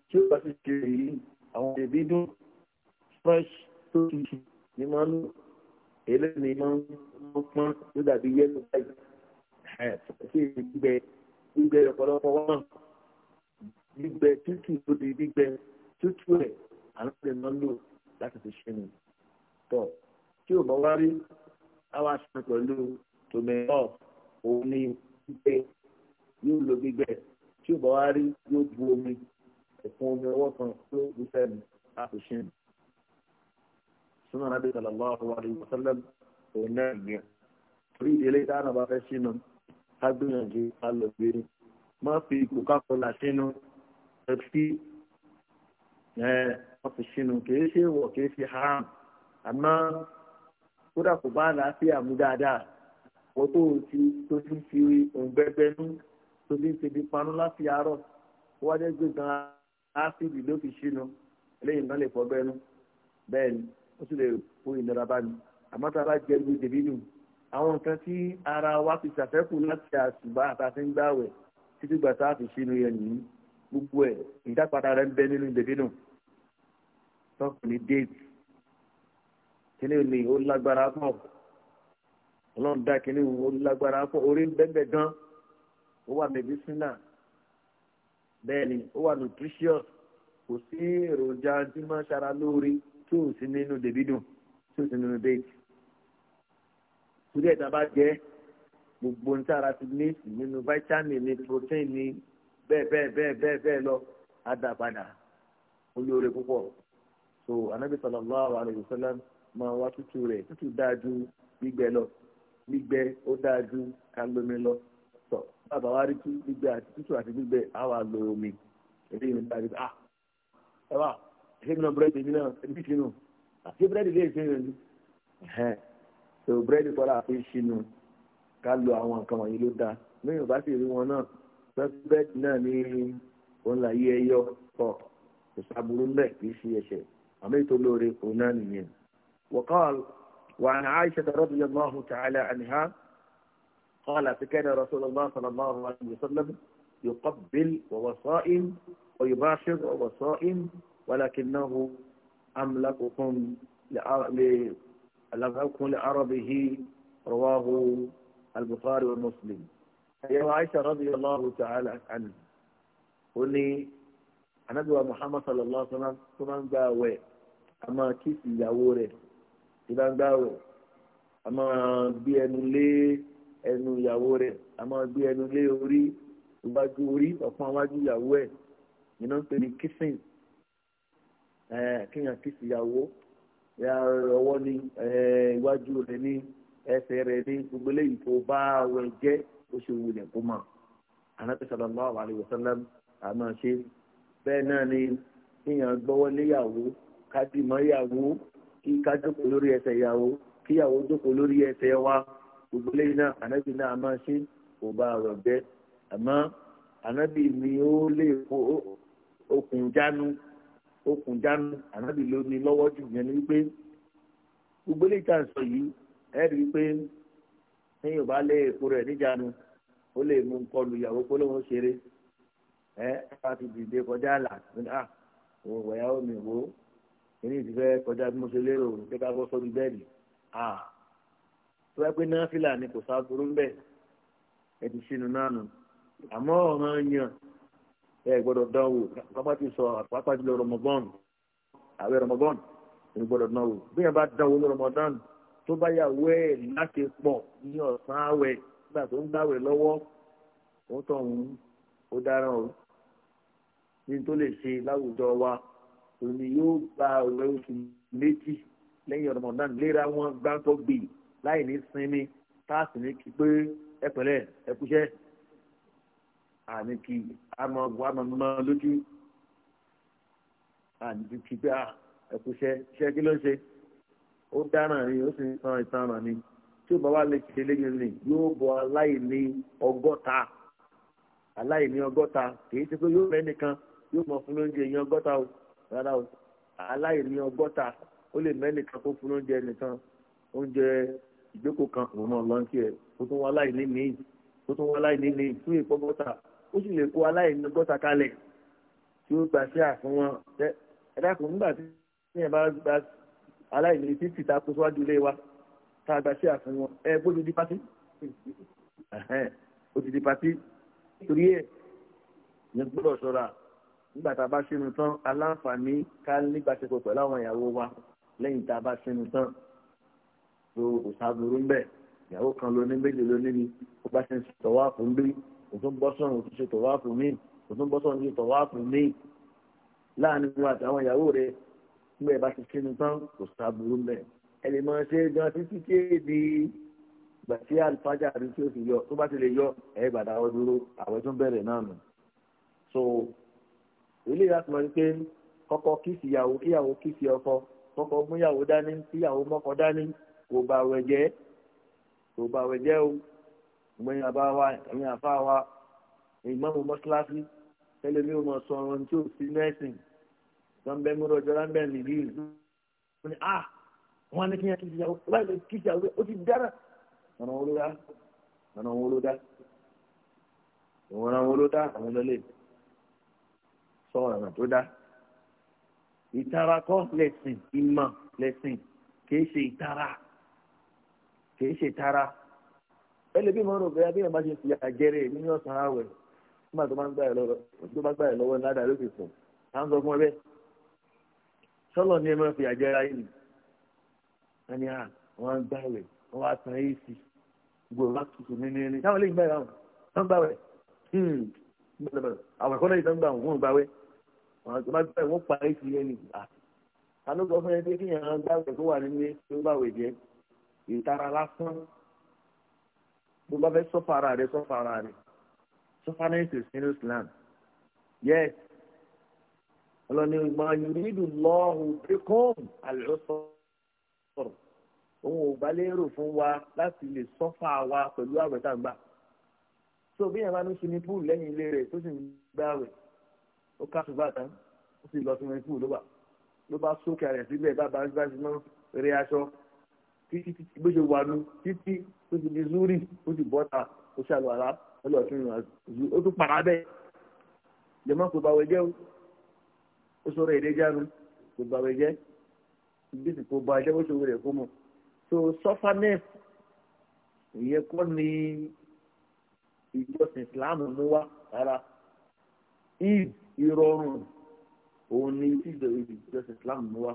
tí ó bá sì ṣe èyí àwọn ẹ̀bí dùn fresh tó tutù ní máa ń lò eléyìí ni máa ń pọ́n ló dàbí yẹ́lò báyìí sí gbígbẹ gbígbẹ ọ̀pọ̀lọpọ̀ wọn gbígbẹ tútù tó di gbígbẹ tútù ẹ̀ àlọ́ máa ń lò láti fi ṣe nù tọ̀ tí ò bá wá rí àwa sàn pẹ̀lú tòmẹ́tọ̀ òun ni wípé yóò lo gbígbẹ tí ò bá wá rí yóò bu omi ẹ̀fún omi ọwọ́ kan tó bu sẹ́nu láti ṣe é. súnmọ́ nàbí sallallahu alaihi wasallam òun náà gbẹ. torí ìdílé dáná bá fẹ́ sínú ká gbìyànjú ká lọ gbé ní. má fi coca sínú pepsi wọ́n fi sínú kìí ṣe wọ̀ kìí ṣe haram àmọ́ kódà kò bá àlàáfíà mu dáadáa wọ́n tó o ti tó ti fi òǹgbẹ́gbẹ́nú tó ti fi di panú láti àárọ̀ wọ́n á jẹ́ gbé gan áfíìdì ló fi ṣínú eléyìí nǹkan lè fọ́ bẹ́ẹ̀nu bẹ́ẹ̀ ni ó sì lè kó ìnira bá mi àmọ́ tá a bá jẹ́ gbé dèbí nù àwọn nǹkan tí ara wa fi ṣàfẹ́kù láti àṣùbà àtàtí ń gbàwẹ̀ títí gbà tá a fi ṣínú yẹn nìyí gbogbo ẹ̀ ìdápadà rẹ̀ ń bẹ nínú dèbí nù tọ́kùnrin déètì kíní ni ó lágbára pọ̀ ọlọ́run dá kíní ó lágbára pọ̀ orí ń bẹ́ẹ̀ gan ó wà mẹ́dísínà bẹ́ẹ̀ ni ó wà nutritious kò sí èròjà tí máa ń ṣara lóore tí ò sí nínú dèbídùn tí ò sí nínú déètì torí ẹ̀dá bá jẹ́ gbogbo ní sára ti ní nínú vitamin ní protein ní bẹ́ẹ̀ bẹ́ẹ̀ bẹ́ẹ̀ bẹ́ẹ̀ bẹ́ẹ̀ lọ á dà padà olóore púpọ̀ so anabi sallallahu alayhi wa sallam máa wá tútù rẹ̀ tútù dáa ju gbígbẹ lọ gbígbẹ ó dáa ju kálómi lọ tọ bàbá wa rí gbígbẹ àti tútù àti gbígbẹ á wà lo omi èdè yìí nípa àdìsí ah ẹ wá ṣé mi náà búrẹ́dì mi náà ẹbí ti nù àti búrẹ́dì lè ṣe ìrìn ẹ̀hẹ́n tó búrẹ́dì kọ́lá àfi ṣinú ká lo àwọn nǹkan wọ̀nyí ló dáa lẹ́yìn ọ̀bá sì rí wọn náà bẹ́ẹ̀dì náà ní òun là yí ẹyọ kọ kò sábúrú ńbẹ kì í ṣe ẹ̀ṣẹ̀ àmì ìtòlóore òun náà nìyẹn. وقال وعن عائشة رضي الله تعالى عنها قال فكان رسول الله صلى الله عليه وسلم يقبل ووصائم ويباشر ووصائم ولكنه أملككم لأملككم لعربه رواه البخاري ومسلم يا عائشة رضي الله تعالى عنها قلني أنا محمد صلى الله عليه وسلم ثم جاوي أما كيف يعوري tí bá ń gbààwẹ̀ a máa gbé ẹnu lé ẹnu ìyàwó rẹ̀ a máa gbé ẹnu lé orí iwájú orí ọ̀pọ̀ iwájú ìyàwó ẹ̀ iná ń pè ní kissing kéèyàn kiss ìyàwó ọwọ́ ní iwájú rẹ̀ ní ẹsẹ̀ rẹ̀ ní gbogbo eléyìí tó bá wẹ̀ jẹ́ oṣù wulẹ̀ kó mọ̀ anabi sallallahu alayhi wa sallam àmọ́ ṣe bẹ́ẹ̀ náà ni kéèyàn gbọ́wọ́ léyàwó kádìmọ́ yàwó kí ká jókòó lórí ẹsẹ̀ ìyàwó kíyàwó jókòó lórí ẹsẹ̀ wa gbogbo lẹ́yìn náà ànábì náà máa ṣe kò bá ọ̀rọ̀ bẹ́ àmọ́ ànábì ni ó lè kó okùn jánu okùn jánu ànábì ló ní lọ́wọ́ jù yẹn ni wípé gbogbo lè tà sọ yìí ẹ rí i pé téèyàn bá lé èkó rẹ̀ níjànú ó lè mú kọlu ìyàwó kó ṣeré ẹ bá ti dìde kọjá àlà ah òun wẹ̀yàwó mi wò ó kíní ti fẹ́ kọjá bí mo ṣe lérò pé ká bọ́ sórí bẹ́ẹ̀dì à tó bá pé náfìlà ni kò sá burú ń bẹ̀ ẹ ti sínú náà nù àmọ́ ọ̀ràn yàn ẹ gbọ́dọ̀ dán wò pápá ti sọ pápá ti lọ rọmọbọ́n àwẹ̀ rọmọbọ́n ẹ gbọ́dọ̀ dán wò bí yẹn bá dán wò ní rọmọbọ́n tó bá yà wẹ́ ẹ̀ láti pọ̀ ní ọ̀sán àwẹ̀ nígbà tó ń dáwẹ̀ lọ́wọ́ ó tọ̀hún ó dáràn o ní tó lè ṣe láwùjọ wa òní yóò gba ọ̀rẹ́ oṣù méjì lẹ́yìn Ramadan léra wọn gbáńtọ́ gbè láì ní sinmi táàsì ní kí pé ẹ pẹ̀lẹ́ ẹ kúṣẹ́ àní kí amọ̀gbọ́n amọ̀mọ́ lójú àní kí pé ẹ kúṣẹ́ iṣẹ́ kí ló ń ṣe ó dáràn ni ó sì ń san ìtanràn ni tí ó bá wà lè ṣe lẹ́yìn rìn yóò bọ aláìní ọgọ́ta aláìní ọgọ́ta kì í ṣe pé yóò rẹ́ nìkan yóò mọ fún lóúnjẹ yẹn ọgọ́ta o rárá o aláìní ọgọ́ta ó lè mẹ́nìkan kó fún oúnjẹ nìkan oúnjẹ ìjókòó kan òun náà lọ sí ẹ kó tún wọn aláìní ní kó tún wọn aláìní ní fún ìpọ́gọ́ta ó sì lè kó aláìní ọgọ́ta kalẹ̀ tí ó gbà sí àfihàn ẹ dákun nígbà tí ẹ bá gba aláìní títí ta kó síwájú ilé wa tá a gba sí àfihàn ẹ gbójú di pátí ó ti di pátí torí ẹ yẹn gbọ́dọ̀ ṣọ́ra nígbà tá a bá sínú tán aláǹfààní ká nígbàṣepọ̀ pẹ̀lú àwọn ìyàwó wa lẹ́yìn tá a bá sínú tán tó òṣàbùrú ń bẹ̀ ìyàwó kan ló ní méjì ló ní ni ó bá ṣe ń ṣe tọ̀wá fún bí òtún bọ́sán òtún ṣe tọ̀wá fún mí òtún bọ́sán òtún ṣe tọ̀wá fún mí láàrin wa àtàwọn ìyàwó rẹ nígbà bá ti sínú tán òṣàbùrú ń bẹ̀ ẹ lè máa ṣe gan títí tí ìgbà tí alifájà àbí tí yọ tó bá ti lè yọ ẹ gbàdáwọ́ dúró àwẹ̀ tún bẹ̀rẹ̀ náà nù so ilé ìyá sọ̀rọ̀ pé kọ́kọ́ kíìsì ìyàwó kíyàwó kíìsì ọkọ kọ́kọ́ múyàwó dání kíyàwó mọ́kọ dání kò bà wẹ̀ jẹ́ kò bà wẹ̀ jẹ́ o ìgbẹ́yìn àbá wa ìgbẹ́yìn àfa wa ìgbọ́n mo mọ́ṣáláṣí tẹ́lẹ̀ mi ò mọ̀ sọ ọ̀rọ̀ tí ò sí mẹ́sìn lọ́nbẹ́ múrò ọjọ́ lọ́nbẹ́ nìyí ó ní ah wọ́n á ní kíyàn kíìsì ìyàwó láì lè si ìyàwó ó ti dára ọ̀nà wọn ló dá ọ̀nà wọn ló dá ìwọ̀n sọ ọ̀nà tó dá ìtara kọ́ lẹ́sìn ìmọ̀ lẹ́sìn kìí ṣe ìtara kìí ṣe ìtara ẹlẹ́bí mọ́rọ̀ bẹ́ẹ̀ bí ẹ̀ bá ṣe fi àjẹrẹ́ nínú ọ̀sán àwẹ̀ nígbà tó bá ń gbà ẹ̀ lọ́wọ́ tó bá gbà ẹ̀ lọ́wọ́ ládàá ló fi fún à ń sọ fún ẹ bẹ́ẹ̀ sọ́lọ̀ ni ẹ máa fi àjẹrẹ́ ayé nì wọ́n ní à wọ́n gbà ẹ̀ wọ́n wá tan èsì gbòòrò wá tutù nínú ẹni táwọn lè gbà ẹ̀ àwọn gbà hmm. ẹ̀ gbà wọ́n àwọn tó bá gbà wọ́n parí ti lẹ́nu ìgbà tanúgbọ́ fún ẹni pé kí èèyàn gbàgbẹ́ tó wà nínú tó bá wẹ̀ jẹ́ ìtara lásán tó bá fẹ́ sọ́fà ara rẹ sọ́fà ara rẹ sọ́fà náà ṣe sínú Islam yẹ́ẹ̀ ọlọ́ni ìgbà yuridu lọ́hùn bíkọ́m àlùsọ̀rọ̀ òun ò bá lérò fún wa láti lè sọ́fà wa pẹ̀lú àwẹ̀tàgbà tó bí yẹn bá ní sinipú lẹ́yìn ilé rẹ̀ tó sì ń gbàwẹ̀ ó káṣù bàtà ó sì lọ sínú ikú ló bá ló bá sókè rẹ̀ sílẹ̀ bàbá gbájú náà rí aṣọ títí títí bó ṣe wà nù títí ó ti di zúrì ó ti bọ́ta ó ṣàlù àlá ó lọ sínú àzù ó tún pàrà bẹ́ẹ̀ jẹ̀mọ́ kò bá wẹ̀ jẹ́ ó sọ̀rọ̀ èdè jánu kò bá wẹ̀ jẹ́ ìgbésì kò bá jẹ́ bó ṣe wẹ̀ kó mọ̀ so sọ́fánẹ́ẹ̀sì ìyẹn kọ́ ni ìjọsìn ìsìláàmù mú wá rárá ìrọ̀rùn òun ni tíjọ ìjọsìn Islam mú wa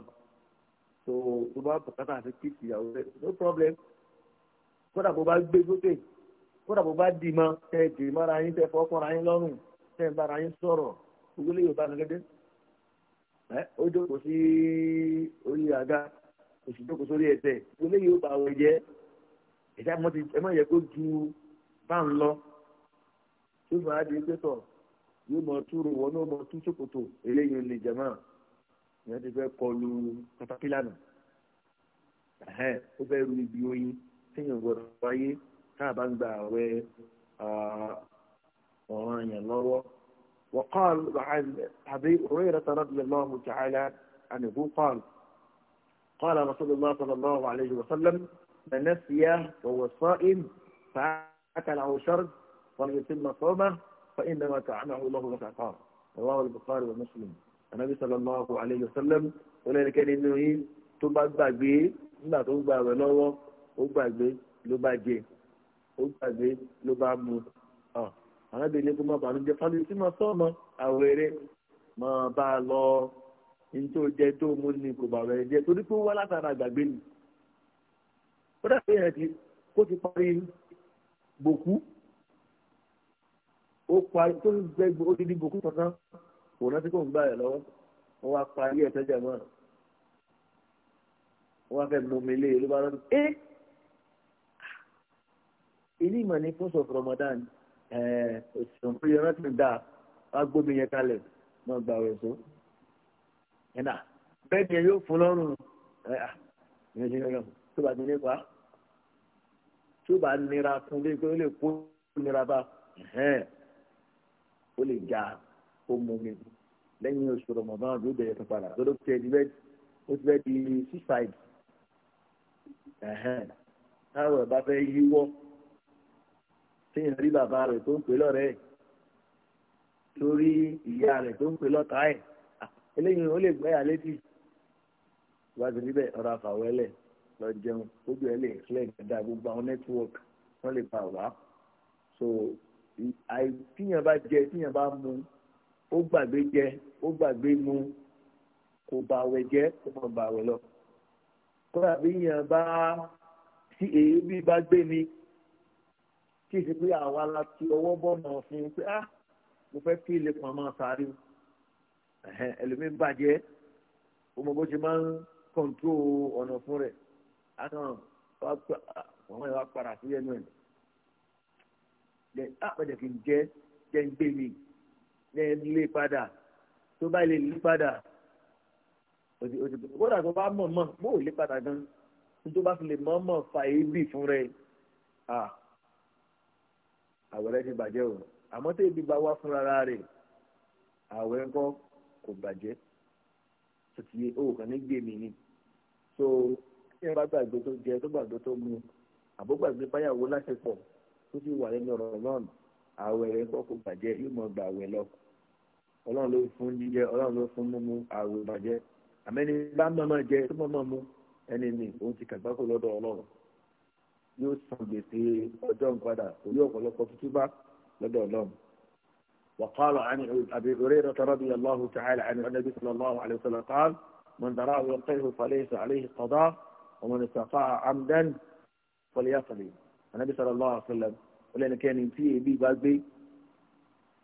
so tó bá bùkátà àti kíkì ìyàwó rẹ no problem kódà bó bá gbé sókè kódà bó bá dì mọ́ tẹ dì mọ́ra yín tẹ fọ́kànra yín lọ́rùn tẹ ń bára yín sọ̀rọ̀ gbogbo lè yorùbá nàgẹ́dẹ́ ẹ ó jókòó sí orí àga oṣù jókòó sórí ẹsẹ̀ gbogbo lè yorùbá wọ̀ jẹ́ ẹ̀dá mọ́ ti ẹ má yẹ kó ju bá ń lọ tó bá di pé tọ̀. yóò mọ túrò wọn náà mọ tún ṣòkòtò eléyìí lè jẹ máa ìyẹn ti fẹ́ kọlu katapilanu ó fẹ́ ru ibi oyin téèyàn gbọdọ̀ wáyé tá a bá ń gba àwẹ̀ ọ̀ràn yẹn lọ́wọ́. وقال عن أبي هريرة رضي الله تعالى عنه قال قال رسول الله صلى الله عليه وسلم من نسي وهو صائم فأكل أو شرب فليتم صومه فإنما طعمه الله وسقاه رواه البخاري ومسلم النبي صلى الله عليه وسلم ولذلك nínú yín tó bá gbàgbé nígbà tó gba àwẹ̀ lọ́wọ́ ó gbàgbé ló bá jẹ ó gbàgbé ló bá mu arábìnrin kó má bàánújẹ́ fálẹ tí máa sọọmọ àwẹrẹ máa bá a lọ ní tó jẹ tó mú ni kò bàwẹ jẹ torí pé ó wá látara àgbàgbé ni ó dàbí ẹ̀ kó ti parí gbòkú ó parí tó ń gbẹ ó di dìbò kú tọ̀tán kò rántí kò ń gbà rẹ̀ lọ́wọ́ wọ́n wá parí ẹ̀ tẹ́jà mọ́ wọ́n wá fẹ́ mú mi lé ló bá rántí ẹ́ ilé ìmọ̀ ní fún sọ̀tọ̀ Ramadan òṣìṣẹ́ òfin yẹn rántí dá wá gbómi yẹn kalẹ̀ náà gbà rẹ̀ só ẹ̀nà bẹ́ẹ̀ ni ẹ yóò fún lọ́rùn ẹ̀ à ìyẹn ṣe ń rẹ̀ tó bá ti ní pa tí nira kún lé pé ó lè kó nira bá ó lè ja ó mú mi lẹ́yìn oṣù rọmọdán ló bẹ̀rẹ̀ tó padà tó ló tẹ ẹni bẹ́ẹ̀ ó ti bẹ́ẹ̀ di suicide táwọn ẹ̀ bá fẹ́ yíwọ́ téèyàn rí bàbá rẹ̀ tó ń pè lọ́rẹ́ ẹ̀ torí ìyá rẹ̀ tó ń pè lọ́tà ẹ̀ eléyìí ó lè gbẹ́yà létí wá sí níbẹ̀ ọ̀rọ̀ àfàwẹ́lẹ̀ lọ jẹun gbogbo ẹ̀ lè clear dáadáa gbogbo àwọn network wọ́n lè bá wá so tíyàn bá jẹ tíyàn bá mu ó gbàgbé jẹ ó gbàgbé mu kò bà wẹ̀ jẹ́ kò mọ̀ bà wẹ̀ lọ. kódà bí yàn bá tí èébì bá gbé ni kí n sì pé àwa la ti ọwọ́ bọ̀ náà pé ah mo fẹ́ kí ilé kan máa sáré o ẹlòmíín bàjẹ́ o mọ bó ṣe máa ń kọ̀ǹtró ọ̀nà fún rẹ̀ àná wọ́n yẹn wá padà sí ẹnu ẹ̀ lẹ àpẹjẹ kì í jẹ jẹ ń gbé mi lẹ lé padà tó bá lè lé padà òdì òdì kódà tó bá mọ̀ mọ̀ bó lé padà gan tó bá fi lè mọ̀ mọ̀ fà ébi fún rẹ à àwẹ̀rẹ̀ ti bàjẹ́ o àmọ́ tó ebi bá wá fún rárá rẹ̀ àwẹ̀ ńkọ́ kò bàjẹ́ tó ti yé ní gbé mi ni so tí ẹ bá gbàgbé tó jẹ tó gbàgbé tó mu àbó gbàgbé báyàwó láṣepọ̀ tó sì wà nínú Ramadan àwẹ̀ rẹ̀ kọ́kọ́ bàjẹ́ yóò mọ̀ gbà àwẹ̀ lọ ọlọ́run ló fún jíjẹ ọlọ́run ló fún mímu àwẹ̀ bàjẹ́ àmẹ́ni bá mọ̀mọ́ jẹ tó mọ̀mọ́ mu ẹni mi òun ti kàgbákò lọ́dọ̀ ọlọ́run yóò san gbèsè ọjọ́ nǹpadà orí ọ̀pọ̀lọpọ̀ tuntun bá lọ́dọ̀ ọlọ́run. وقال عن أبي هريرة رضي الله تعالى عنه النبي صلى الله عليه وسلم قال من دراء يلقيه فليس عليه قضاء ومن استطاع عمدا فليصلي anabi sallallahu alaihi wasallam olẹ́nikẹ́ni tí ebi bá gbé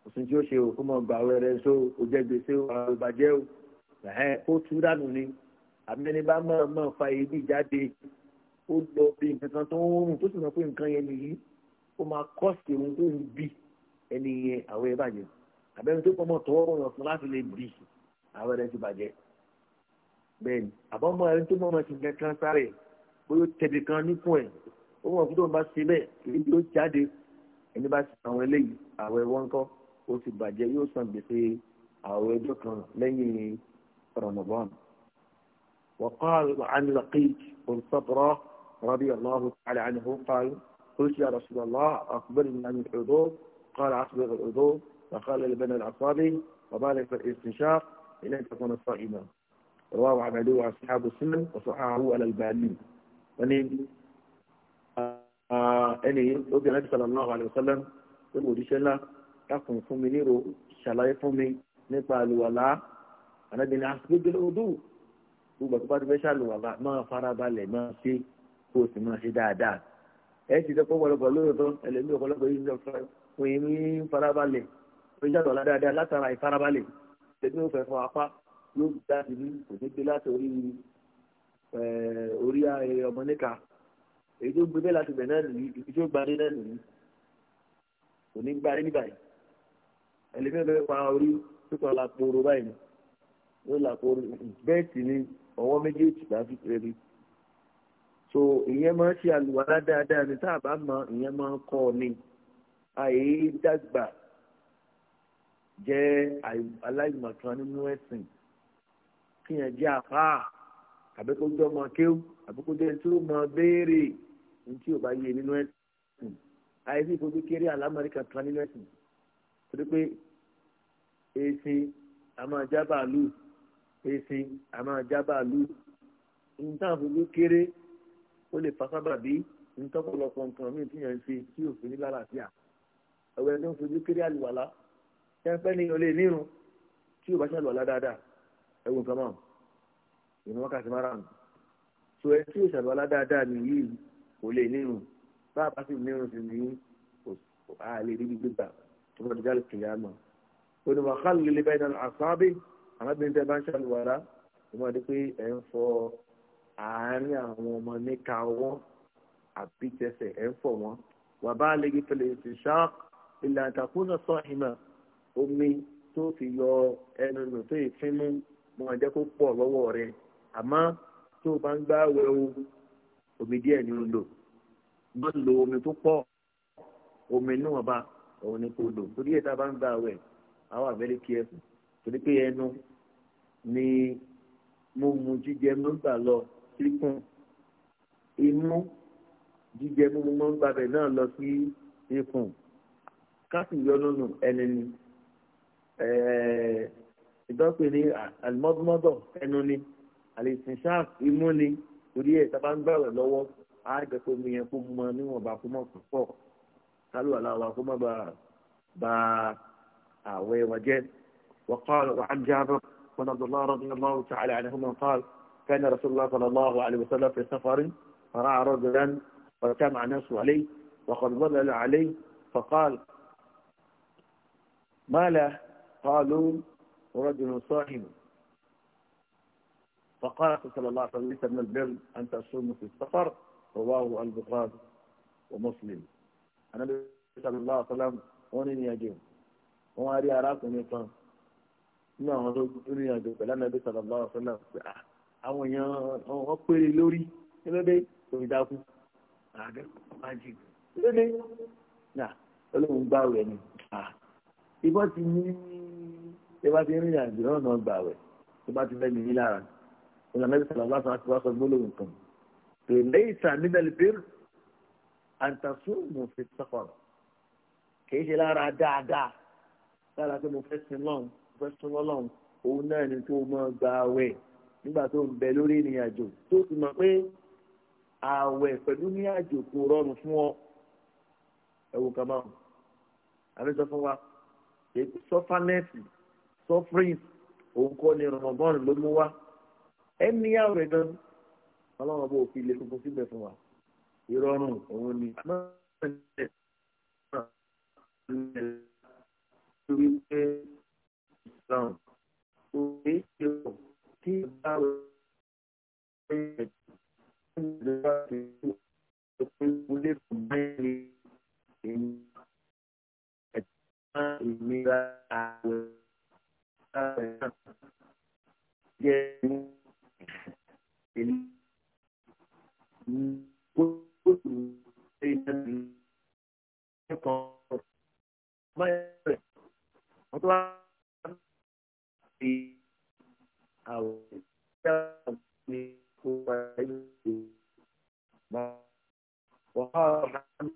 òsùn tí ó ṣe òkú mọ̀ gbà wẹ́rẹ́ so òjẹ́ gbèsè àwọn ìbàjẹ́ o ẹ̀hẹ́n ó tú dànù ni àmẹ́ni bá máa máa fa ebi jáde ó lọ bí nǹkan tó ń rùn tó sì mọ̀ pé nǹkan yẹn nìyí ó máa kọ́sì ohun tó ń bì ẹni yẹn àwọn ẹ̀ bàjẹ́ àbẹ́ni tó pọ̀ mọ́ tọwọ́ ọ̀rọ̀ fún láti lè bì àwọn ẹ̀ ti bàjẹ́ bẹ́ẹ̀ni àbọ̀mọ́ ẹni tó mọ̀ mọ́ ti nǹkan kan sáré bóyá tẹ̀lé kan níkùn ẹ̀ ó wọ̀n kí tó bá ṣe bẹ́ẹ̀ èyí yóò jáde ẹni bá ṣe àwọn eléyìí àwọ̀ ẹ̀wọ̀n ńkọ́ ó ti bàjẹ́ yóò san gbèsè àwọ̀ ẹjọ́ kan lẹ́yìn Ramadan. وقال عن لقيط بن صبرة رضي الله تعالى عنه قال قلت يا رسول الله أخبرني عن الحضور قال أخبر الحضور فقال لبن العصابي وبارك في الاستنشاق إلى أن تكون صائما رواه عن علي وأصحاب السنن وصححه على الباني ونين ẹni obìnrin àti sàlámù àwọn àlùsálàm tó lò òdíṣẹ́ ńlá dákùn fún mi nírò ṣàlàyé fún mi nípa àlùwàlá ànábìnrin àgbégbélé odò gbogbo àti pàtó fẹ́ ṣàlùwàlá máa farabalẹ̀ máa ṣe kó o sì máa ṣe dáadáa ẹ ti dẹ́pọ̀ ọ̀pọ̀lọpọ̀ lóòótọ́ ẹlẹ́mí ọ̀pọ̀lọpọ̀ yìí ń lọ fún yín ní farabalẹ̀ fún yín ṣàlùwàlá dáadáa látara ìfarabalẹ̀ ẹgbẹ́ èyí tó gbé bẹ́ẹ̀ láti bẹ̀ náà nìyí ibi tí ó gbadé náà nìyí kò ní gbadé ní báyìí ẹlẹ́mìíràn ló pa orí tó kàn la kporo báyìí ló la kporo bẹ́ẹ̀ ni ọwọ́ méjèèjì bá fi kiri so ìyẹn máa ń ṣe àlùwàlá dáadáa ní tá a bá mọ ìyẹn máa ń kọ́ ọ ní àyè dàgbà jẹ́ aláìmọ̀tàn nínú ẹ̀sìn kíyàn jẹ́ àfáà àbíkójọ́ máa kéwù àbíkójọ́ tí ó máa béèrè ní tí o bá yé nínú ẹ̀sìn àìsí ìfojú kéré àlámọ́ríkà kan nínú ẹ̀sìn torí pé èsì àmọ́ jábàálù èsì àmọ́ jábàálù nǹkan àfojú kéré ó lè fa sábàbí ntọ́pọ̀lọpọ̀ nǹkan míì tí yẹn ń ṣe tí òfin ní lálàáfíà ọ̀wẹ́ tó ń fojú kéré àlùwàlá tẹ́ńpẹ́ ni olè nírun tí ò bá ṣàlùwàlá dáadáa ẹ̀wù nǹkan mọ́ ìmọ̀ wákàtí márùn-ún so ẹ tí ò ṣàlùwàlá dáadáa nìyí kò lè nírun bá a bá sì nírun sí ní àlè níbi gbígbà tó bá dìgbà kìlẹ̀ àmọ́ onímọ̀ kálí lè bẹ́ẹ̀ náà àsáábì arábìnrin tẹ́ bá ń ṣàlùwàrà ìmọ̀ àti pé ẹ̀ ń fọ àárín àwọn ọmọ níka ọwọ́ àbí tẹsẹ̀ ẹ̀ ń fọ wọn wà bá a lè gbé pẹ̀lẹ́ ìṣá ilẹ̀ àtàkùnà sọ ìmọ̀ omi tó fi yọ ẹnu nù tó ì omi díẹ̀ ni ó lò má lo omi tó pọ̀ omi náà bá òun ni kò lò torí ètò àbá ń gba àwẹ̀ àwọn àbẹ́lẹ́ kí ẹkùn torí pé ẹnu ni mo mu jíjẹ mo ń gbà lọ síkùn imú jíjẹ mo mo ń gbàbẹ̀ náà lọ sí ikùn káàsì yọlọ́nù ẹni ni ìdọ́pẹ́ ni àlùmọ́dúnmọ́dọ̀ ẹnu ni àlè ìsìnṣáà imú ni. torí ẹ̀ tá a bá ń gbàwẹ̀ lọ́wọ́ á jẹ́ kó mi yẹn kó mọ níwọ̀nba kó mọ̀ púpọ̀ kálù aláwa kó má ba àwẹ̀ wa jẹ́ وقال وعن جابر بن عبد الله رضي الله تعالى عنهما قال كان رسول الله صلى الله عليه وسلم في سفر فرأى رجلا وكان الناس عليه وقد ظلل عليه فقال ما له قالوا رجل صاحب فقال صلى الله عليه وسلم ليس من البر أن تصوم في السفر رواه البخاري ومسلم النبي صلى الله عليه وسلم wọ́n ní ìrìnàjò wọ́n á rí arákùnrin kan nínú àwọn tó rìnrìnàjò pẹ̀lú ànábì sallallahu alaihi wasallam pé àwọn èèyàn wọn péré lórí nílẹ́dẹ́ òbí dákú àgbẹ̀ májì nílẹ́dẹ́ nà olóhùn gbà wẹ̀ ni ìbọn ti ní ìbá ti rìnrìnàjò náà náà gbà wẹ̀ ìbá ti fẹ́ nìyí lára ìlànà ìbí sọ̀rọ̀ lásán àti wàásù gbólóhùn kan pé lẹ́yìn sàmínà lìbír àǹtàsùn mo fi sọ́kọ̀rọ̀ kì í ṣe lára dáadáa lára pé mo fẹ́ sin lọ́hùn mo fẹ́ sin lọ́hùn òun náà ni kó máa gba àwẹ̀ nígbà tó ń bẹ lórí ìrìn àjò tó ti mọ̀ pé àwẹ̀ pẹ̀lú ní àjò kò rọrùn fún ẹni yá rẹ̀ gan ọlọ́run bó fi ilé funfun síbẹ̀ fún wa ìrọ̀rùn òun ni lórí pé ele وقال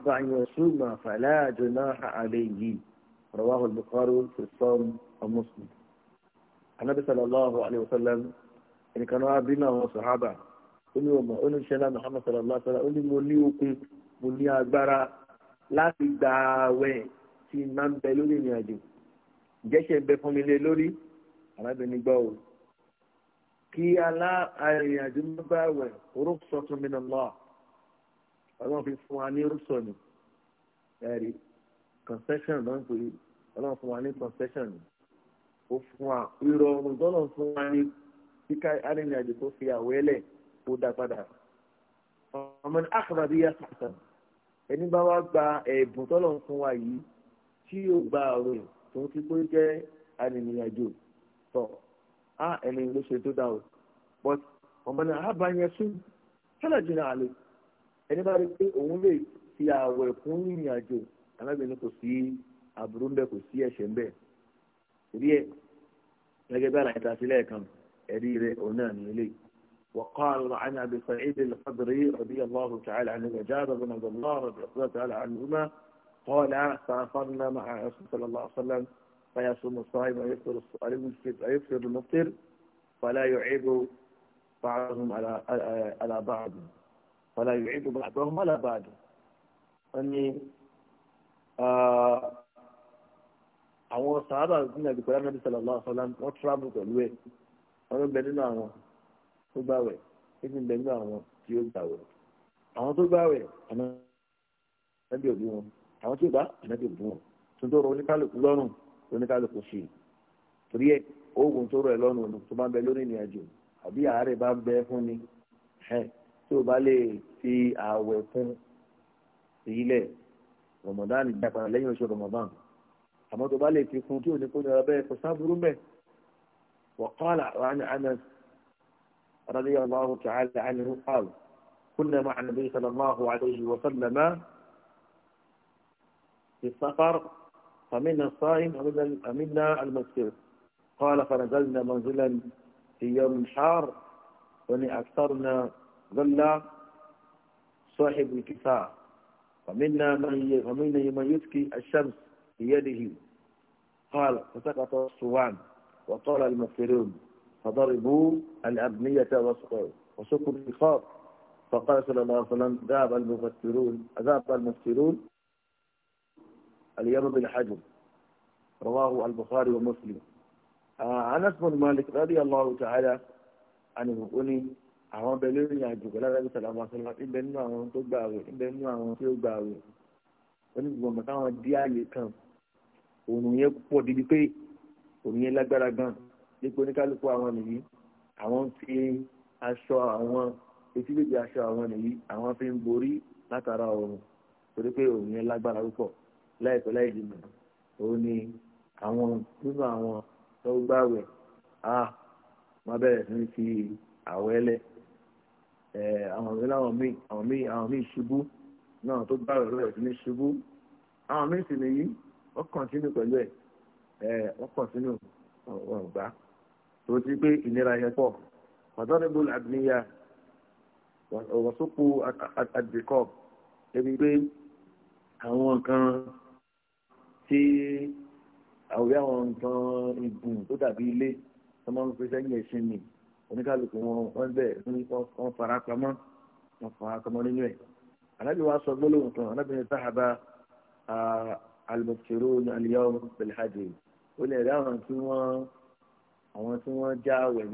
أحب أن يصوم فلا جناح عليه رواه البخاري في الصوم ومسلم النبي صلى الله عليه وسلم إن كانوا بنا وصحابة oní ọmọ oníṣẹ́lá muhammad sallallahu alaihi wa sallam ó ní mo ní okun mo ní agbára láti gba ààwẹ̀ tí máa ń bẹ lórí ìrìn àjò ìjẹ́sẹ̀ ń bẹ fún mi lé lórí arábìnrin gbọ́ o kí alá arìnrìn àjò má bá àwẹ̀ orúkọ tuntun mi nà lọ́ọ̀ ọlọ́run fi fún wa ní rúṣọ̀nù ẹ̀rí concession ló ń pè é ọlọ́run fún wa ní concession ó fún wa ìrọ̀rùn tọ́lọ̀ fún wa ní kíkà arìnrìnàjò tó fi àwẹ́lẹ̀ kó dá padà ọmọ ní àkàrà bí yá sàtàn ẹni bá wá gba ẹ̀bùn tọ́lọ̀ fún wa yìí tí yóò gba ọ̀rọ̀ tó ń ti pé jẹ́ arìnrìnàjò tọ̀ á ẹni ló ṣe tó dá o but ọmọ ní àbáyẹ sún tẹ́lẹ̀ jìnnà àlejò. ẹni bá rí pé òun lè fi àwẹ̀ fún yìnyín àjò alábìnrin kò sí àbúrò ń bẹ kò sí ẹ̀ṣẹ̀ ń bẹ rí ẹ gẹ́gẹ́ bí àlàyé ta sílẹ̀ kan ẹ̀rí rẹ òun náà ní ilé وقال عن أبي سعيد الخدري رضي الله تعالى عنه وجاب بن عبد الله رضي الله تعالى عنهما قال سافرنا مع رسول صلى الله عليه وسلم فيصوم الصائم ويفطر ويفطر المفطر فلا يعيب بعضهم على على بعض wala yu'idu ba'dahum ala ba'd wọ́n ní àwọn sàábà ní àdìpọ̀ láti nàbí sallallahu alaihi wasallam wọ́n travel pẹ̀lú ẹ̀ wọ́n ló gbẹ nínú àwọn tó gbàwẹ̀ èsì ń bẹ nínú àwọn tí ó gbàwẹ̀ àwọn tó gbàwẹ̀ àná ẹbí òbí wọn àwọn tí ó gbà àná ẹbí òbí wọn tuntun rọ oníkálukú lọ́rùn oníkálukú sí i torí ẹ oògùn tó rọ ẹ lọ́rùn tó bá ń bẹ lórí ìrìn àjò àbí àárẹ̀ bá ń bẹ fún ni tí o bá lè fi àwẹ̀ fún ìyílẹ̀ rọmọdán ìgbà padà lẹ́yìn oṣù rọmọdán àmọ́ tó bá lè fi fún kí o ní kó nira bẹ́ẹ̀ kò sábúrú mẹ́ wàkọ́lá rani anas رضي الله تعالى عنه قال كنا مع النبي صلى الله عليه وسلم في السفر فمنا الصائم ومنا المسكر قال فنزلنا منزلا في يوم حار ونأكثرنا ظل صاحب الكساء ومنا من ومنا من يتكي الشمس بيده قال فسقط الصوان وقال المسيرون فضربوا الأبنية وسقوا الخاط فقال صلى الله عليه وسلم ذهب المفسرون ذهب المفسرون اليوم بالحجر رواه البخاري ومسلم عن آه، اسم مالك رضي الله تعالى عنه أني àwọn ọbẹ̀ lórí ìrìnàjò pẹ̀lú arábí sàlámù àṣọlá ibẹ̀ nínú àwọn tó gbà wẹ̀ ibẹ̀ nínú àwọn tí ó gbà wẹ̀ onígbìmọ̀ mọ̀ táwọn dí àyè kan òòrùn yẹn pọ̀ débi pé òòrùn yẹn lágbára gan dípò oníkálukú àwọn nìyí àwọn fi aṣọ àwọn etílébi aṣọ àwọn nìyí àwọn fi ń borí látara òòrùn torí pé òòrùn yẹn lágbára púpọ̀ láìpẹ́ láì dìbò òun ni àwọn nínú àwọn tó gbà wẹ̀ ah wọ́n bẹ̀rẹ̀ sí fi àwọ̀ àwọn ìlú àwọn míì àwọn míì àwọn míì ṣubú náà tó bá ọ̀rọ̀ rẹ̀ ní ṣubú àwọn míì sì nìyí wọ́n kọ̀ǹtínú pẹ̀lú ẹ̀ wọ́n kọ̀ǹtínú wọn gbà tó ti pé ìnira yẹn pọ̀ mọ̀tọ́nìbó àdìníyà ọ̀wọ́sọ́pọ̀ àdìkọ́ ebi pé àwọn nǹkan tí àwòrán àwọn nǹkan ìbùn tó dàbí ilé tó máa ń pèsè ẹ̀yìn ẹ̀sìn nìyí oníkálukú wọn wọn bẹ wọn fara pamọ́ wọn fara pamọ́ nínú ẹ alábi wa sọ gbólóhùn kan alábi ní sáhàbà alimọtìrò ní aliyahu belhadi ó lè rí àwọn tí wọn àwọn tí wọn já àwẹ̀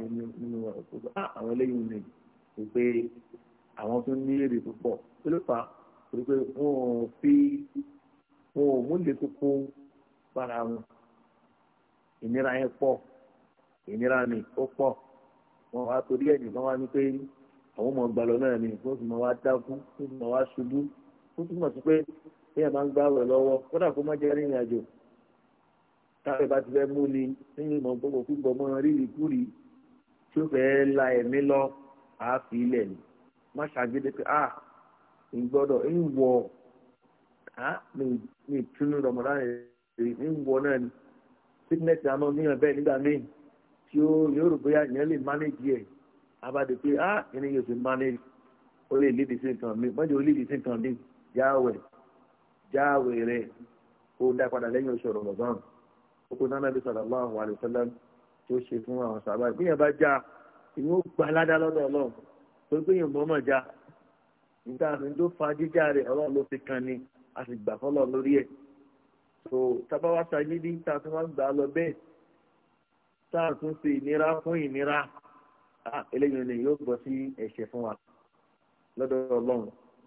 nínú ọkọ ah, àwọn eléyìí ni wípé àwọn tó ní èrè púpọ̀ tó ló fà wípé wọn ò fi wọn ò múlẹ̀ kókó para wọn ìnira yẹn pọ̀ ìnira ni ó pọ̀ wọn wá torí ẹ̀ nìkan wá ní pé àwọn ọmọ ọgbà lọ náà ni wọ́n fi mọ wá dákú wọ́n fi mọ wá ṣubú wọ́n fi mọ̀ sí pé èèyàn máa ń gbá rẹ̀ lọ́wọ́ kódà kó má jẹ́ rìnrìn àjò táwọn ìbá ti fẹ́ mú ni nínú ìmọ̀ gbogbo púpọ̀ mọ́ rírì kúrì tí ó fẹ́ẹ́ la ẹ̀mí lọ àáfi ilẹ̀ ni má ṣàgídé pé ah ń gbọ́dọ̀ ń wọ̀ ah mi ìtúnú rọmọdá rẹ̀ ń wọ̀ náà ni sickness àmọ́ níyàn bẹ́ẹ̀ nígbà míì tí ó yóò rò bóyá ìyẹn lè manage ẹ̀ abáde pé ah ìní yóò fi manage ó lè léde sí nǹkan mi mọ́jọ ó léde sí nǹkan mi jáwẹ̀ jáwẹ̀ rẹ̀ kó dá padà lẹ́yìn oṣù rọ̀lọ́gbọ̀n ó kó nánà bí sallallahu alaihi wasallam tí ó ṣe fún àwọn sábà ìpínyẹ̀ bá já ìwé ó gba aládá lọ́dọ̀ ọlọ́run tó gbé yìnbọn mọ̀ já nígbà tó fa jíjà rẹ̀ ọlọ́run ló fi kan ni a sì gbà fọ́lọ́ lórí ẹ̀ so tábà wá sa yídí tá a tún gbà á lọ bẹ́ẹ̀ táà tún ṣe ìnira fún ìnira eléyìí ni yóò gbọ́ sí ẹ̀ṣẹ̀ fún wa lọ́dọ̀ ọlọ́run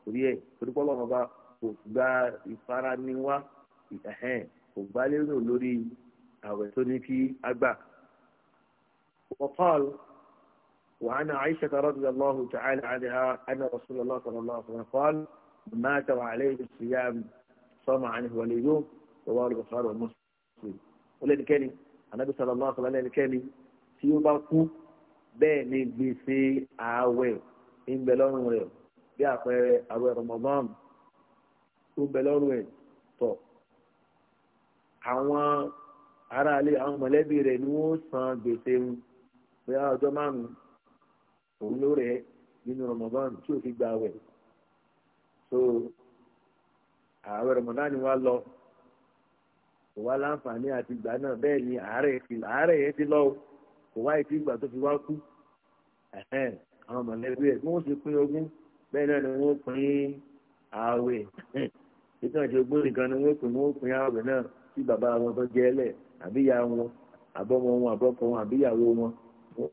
orí ẹ̀ torípọ́ ọlọ́run ọba kò gba ìfaraniwá ìtàhẹ́n kò gbá lérò lórí àwẹ̀ tó ní kí á gbà. وقال وعن عائشة رضي الله تعالى عنها أن رسول الله صلى الله عليه وسلم قال مات وعليه الصيام صام عنه وليوم رواه البخاري ومسلم ولذلك anabi sallallahu alaihi wasallam ẹnikẹ́ni tí ó bá kú bẹ́ẹ̀ ni gbèsè ààwẹ̀ ń bẹ lọ́rùn rẹ̀ bí àpẹẹrẹ ààwẹ̀ Ramadan tó bẹ lọ́rùn ẹ̀ tọ̀ àwọn aráalé àwọn mọ̀lẹ́bí rẹ̀ ni wọ́n san gbèsè ń bóyá ọjọ́ márùn òun ló rẹ̀ nínú Ramadan tí ò fi gba ààwẹ̀ so ààwẹ̀ Ramadan ni wọ́n lọ kò wá láǹfààní àti ìgbà náà bẹ́ẹ̀ ni àárẹ̀ yẹn ti lọ o kò wá ìtì ìgbà tó fi wá kú àwọn mọ̀lẹ́bí ẹ̀ bí wọ́n ti pín ogún bẹ́ẹ̀ náà ni wọ́n pín ààwẹ̀ ìtàn àti ogún nìkan ni wọ́n pín wọ́n pín ààwẹ̀ náà tí bàbá wọn tó jẹ́ ẹlẹ̀ àbíyá wọn àbọ́mọ wọn àbọ́kọ wọn àbíyàwó wọn wọ́n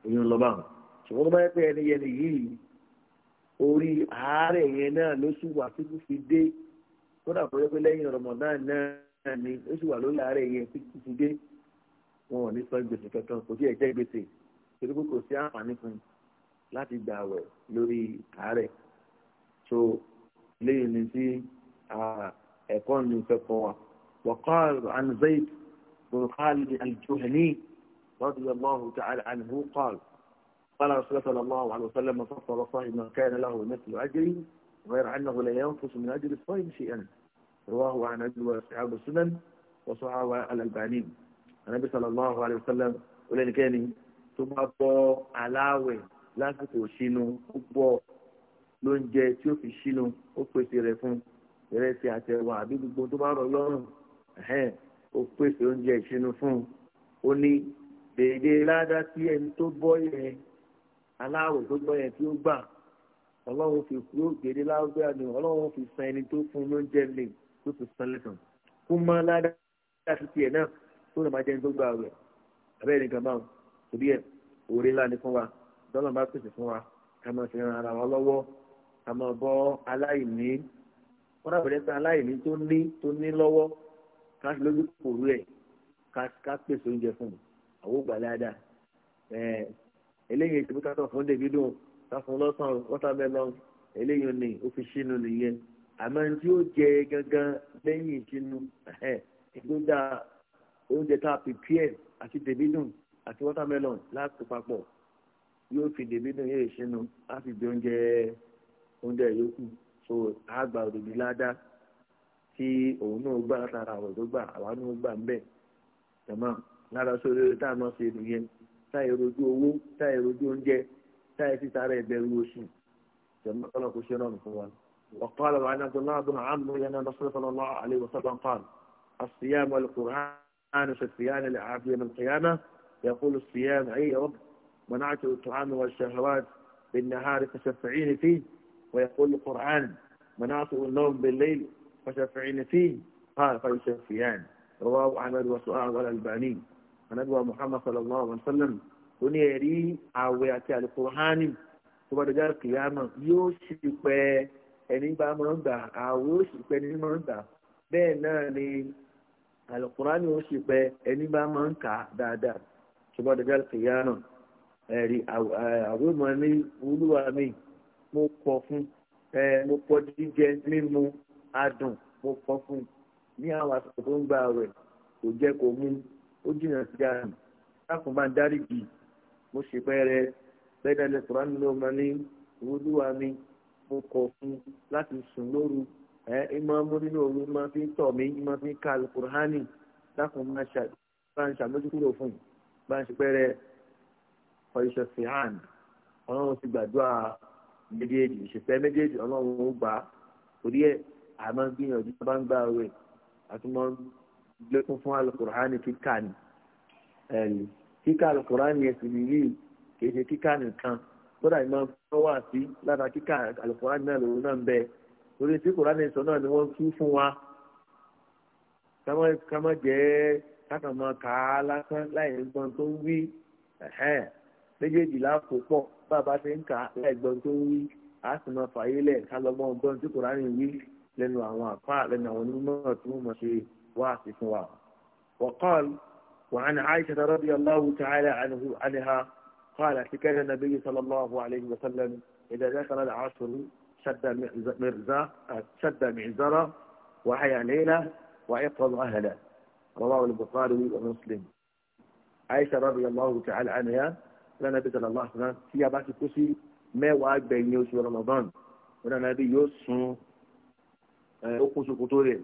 pín èyí ń lọ bá wọn ṣùgbọ́n bá yẹ pé ẹni yẹn nìyí orí àárẹ̀ yẹn náà ló sì wà fi dé kódà kọjá pé lẹ́yìn rọmọdán náà ni ó sì wà lórí àárẹ̀ yẹn títí ti dé wọn ò ní san gbèsè kankan kò sí ẹ̀jẹ̀ gbèsè torí pé kò sí àǹfààní fún un láti gbà wẹ̀ lórí àárẹ̀ so lẹ́yìn ní sí ẹ̀kọ́ ní ìfẹ́ wa وقال عن زيد بن خالد الجهني رضي الله تعالى عنه قال قال رسول الله صلى الله عليه وسلم فصل صاحب من كان غير أنه لا ينقص من أجل الصائم شيئا رواه عن أبي وأصحاب السنن وصحابة الألباني النبي صلى الله عليه وسلم ولن كان ثم أبو علاوة lásìkò sínú ó gbọ́ lóúnjẹ tí ó fi sínú ó pèsè rẹ̀ fún ìrẹsì àtẹwà àbí gbogbo tó bá rọ̀ lọ́rùn ó pèsè oúnjẹ ìsinú fún ó ní dèédé ládá tí ẹni tó bọ́ yẹn aláwọ̀ tó gbọ́ yẹn tí ó gbà ọlọ́run fi yóò gbèdé lágbára ni ọlọ́run fi san ẹni tó fún lóúnjẹ lè tó fi san lẹ́sàn kó mọ ládàá láti tiẹ̀ náà tó lè máa jẹ́ tó gbà rẹ̀ abẹ́rẹ́ nìkan báwọn torí ẹ̀ òrè ńlá ni fún wa dọ́là bá pèsè fún wa ká máa fi ran ara wa lọ́wọ́ ká máa bọ́ aláìní wọ́n dàbọ̀ dẹ́sẹ̀ aláìní tó ní tó ní lọ́wọ́ ká lójú kòrú ẹ̀ ká pèsè oúnjẹ fún un àwọn ògbà ládàá ẹ̀ eléyìí ètò ìbúkátọ̀ fún dèbí dùn káfún lọ́sàn wọ́tàmẹ́lọ́n eléyìí ni ó fi sínú nìyẹn àmọ́ ní tí ó jẹ gangan lẹ́yìn ìsinú ìgbódà oúnjẹ tá a pìpìẹ́ àti dèbídùn àti wọ́tàmẹ́lọ́n láti papọ̀ yóò fi dèbídùn yóò sínú á fi di oúnjẹ oúnjẹ yòókù so àgbà òdòdó ládàá tí òun náà gbà látara àwọn tó gbà àwa náà gbà ń bẹ̀ tẹ̀mọ́ lára sórí tá a náà ṣe nìyẹn táyé rojú owó táyé rojú oúnjẹ táyà sí sáré كما قال jẹ̀mọ́ kọ́lọ́ وقال وعن عبد الله بن عمرو ان النبي صلى الله عليه وسلم قال الصيام والقران شفيان لعبد يوم القيامه يقول الصيام اي رب منعت الطعام والشهوات بالنهار فشفعيني فيه ويقول القرآن منعت النوم بالليل فشفعيني فيه قال فيشفيان رواه أحمد وسؤال والألباني عن محمد صلى الله عليه وسلم ó ní ẹ̀rí àwẹ̀ àti àlùkùránì tó bá dọjọ́ kìyàmọ̀ yóò sì pẹ́ ẹni bá máa ń gbà àwẹ̀ ó sì pẹ́ ẹni máa ń gbà bẹ́ẹ̀ náà ni o ó sì pẹ́ ẹni bá máa ń kà dáadáa tó bá dọjọ́ kìyàmọ̀ ẹ̀rí àwẹ̀ mọ̀ ní olúwa mi mo pọ̀ fún ẹ mo pọ̀ jíjẹ mímu adùn mo pọ̀ fún ní àwọn àsìkò tó ń gbà àwẹ̀ kò jẹ́ mú ó jìnnà sí àná mo ṣe pẹ́rẹ́ bẹ́ẹ̀ ni kùránì ló máa ní olúwa mi mo kọ̀ fún láti sùn lóru ẹ ìmọ̀ amúnínú òru máa fi tọ̀ mí fi ka alukurhani lákùn máa ṣà bá ń ṣàmójúkúrò fún bá ń ṣe pẹ́rẹ́ ọ̀ṣọ́ fihan ọlọ́run ti gbàdúrà méjèèjì ìṣẹ̀fẹ́ méjèèjì ọlọ́run ó gbà á torí ẹ̀ àmọ́ gbìyànjú bá ń gbà wẹ̀ àtúmọ̀ fún alukurhani kíkà ni kíkà alukurani ẹ̀sìn nìyí kì í ṣe kíkà nìkan kódà ìmọ̀ tó wà sí lára kíkà alukurani náà lòun náà ń bẹ lórí tí kurani sọ náà ni wọ́n tú fún wa kámọ́ jẹ́ kákan mọ́ ká lásán láì gbọ́n tó ń wí méjèèjì láàpò pọ̀ bàbá ti ń kà láì gbọ́n tó ń wí a sì máa fàyè lẹ̀ ká lọ́ gbọ́n gbọ́n tí kurani wí lẹ́nu àwọn àpá lẹ́nu àwọn onímọ̀ tí wọ́n mọ̀ ṣe wá sí fún wa. wọ́n kọ́ ọ وعن عائشة رضي الله تعالى عنه عنها قالت كان النبي صلى الله عليه وسلم إذا دخل العصر شد مرزا شد معزرة وحيا ليلة ويقظ أهلا رواه البخاري ومسلم عائشة رضي الله تعالى عنها قال النبي صلى الله عليه وسلم في أباك كسي ما وعد بين يوسف ورمضان قال النبي يوسف وقوس قطوره آه،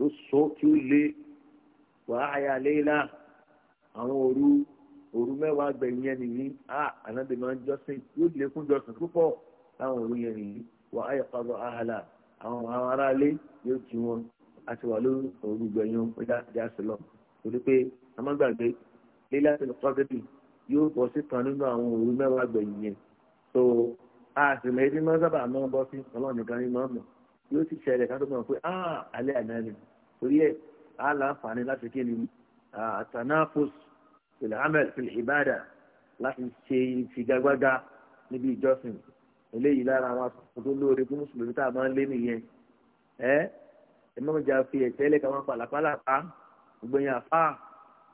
يوسف تولي وأحيا ليلة àwọn òru òru mẹ́wàá gbẹ̀yìn yẹn nìyí a ànábì máa ń jọ́sìn yóò lékún jọ́sìn púpọ̀ láwọn òru yẹn nìyí wà á yẹ pàgọ́ àhàlà àwọn àwọn aráalé yóò kí wọn a ti wà lórí òru gbẹ̀yìn pé dáadé a sì lọ torí pé a má gbàgbé lílá yóò bọ́ sí kan nínú àwọn òru mẹ́wàá gbẹ̀yìn yẹn so a sì mọ ebi máa sábà máa bọ́ sí ọlọ́run nìkan ní máa mọ̀ yóò ti ṣẹlẹ̀ ká tó mọ̀ pé ni torí ẹ̀ á fìlẹ̀ amẹ́l fìlẹ̀ ìbáàdà láti ṣe ìfigagbága níbi ìjọsìn eléyìí lára àwọn akọ̀kọ̀ tó lóore fún mùsùlùmí tá a máa ń lé nìyẹn ẹ ẹ má jà fi ẹ̀tẹ́ lẹ́ka wọn pàlàpàlà pa ògbẹ̀yìn àfà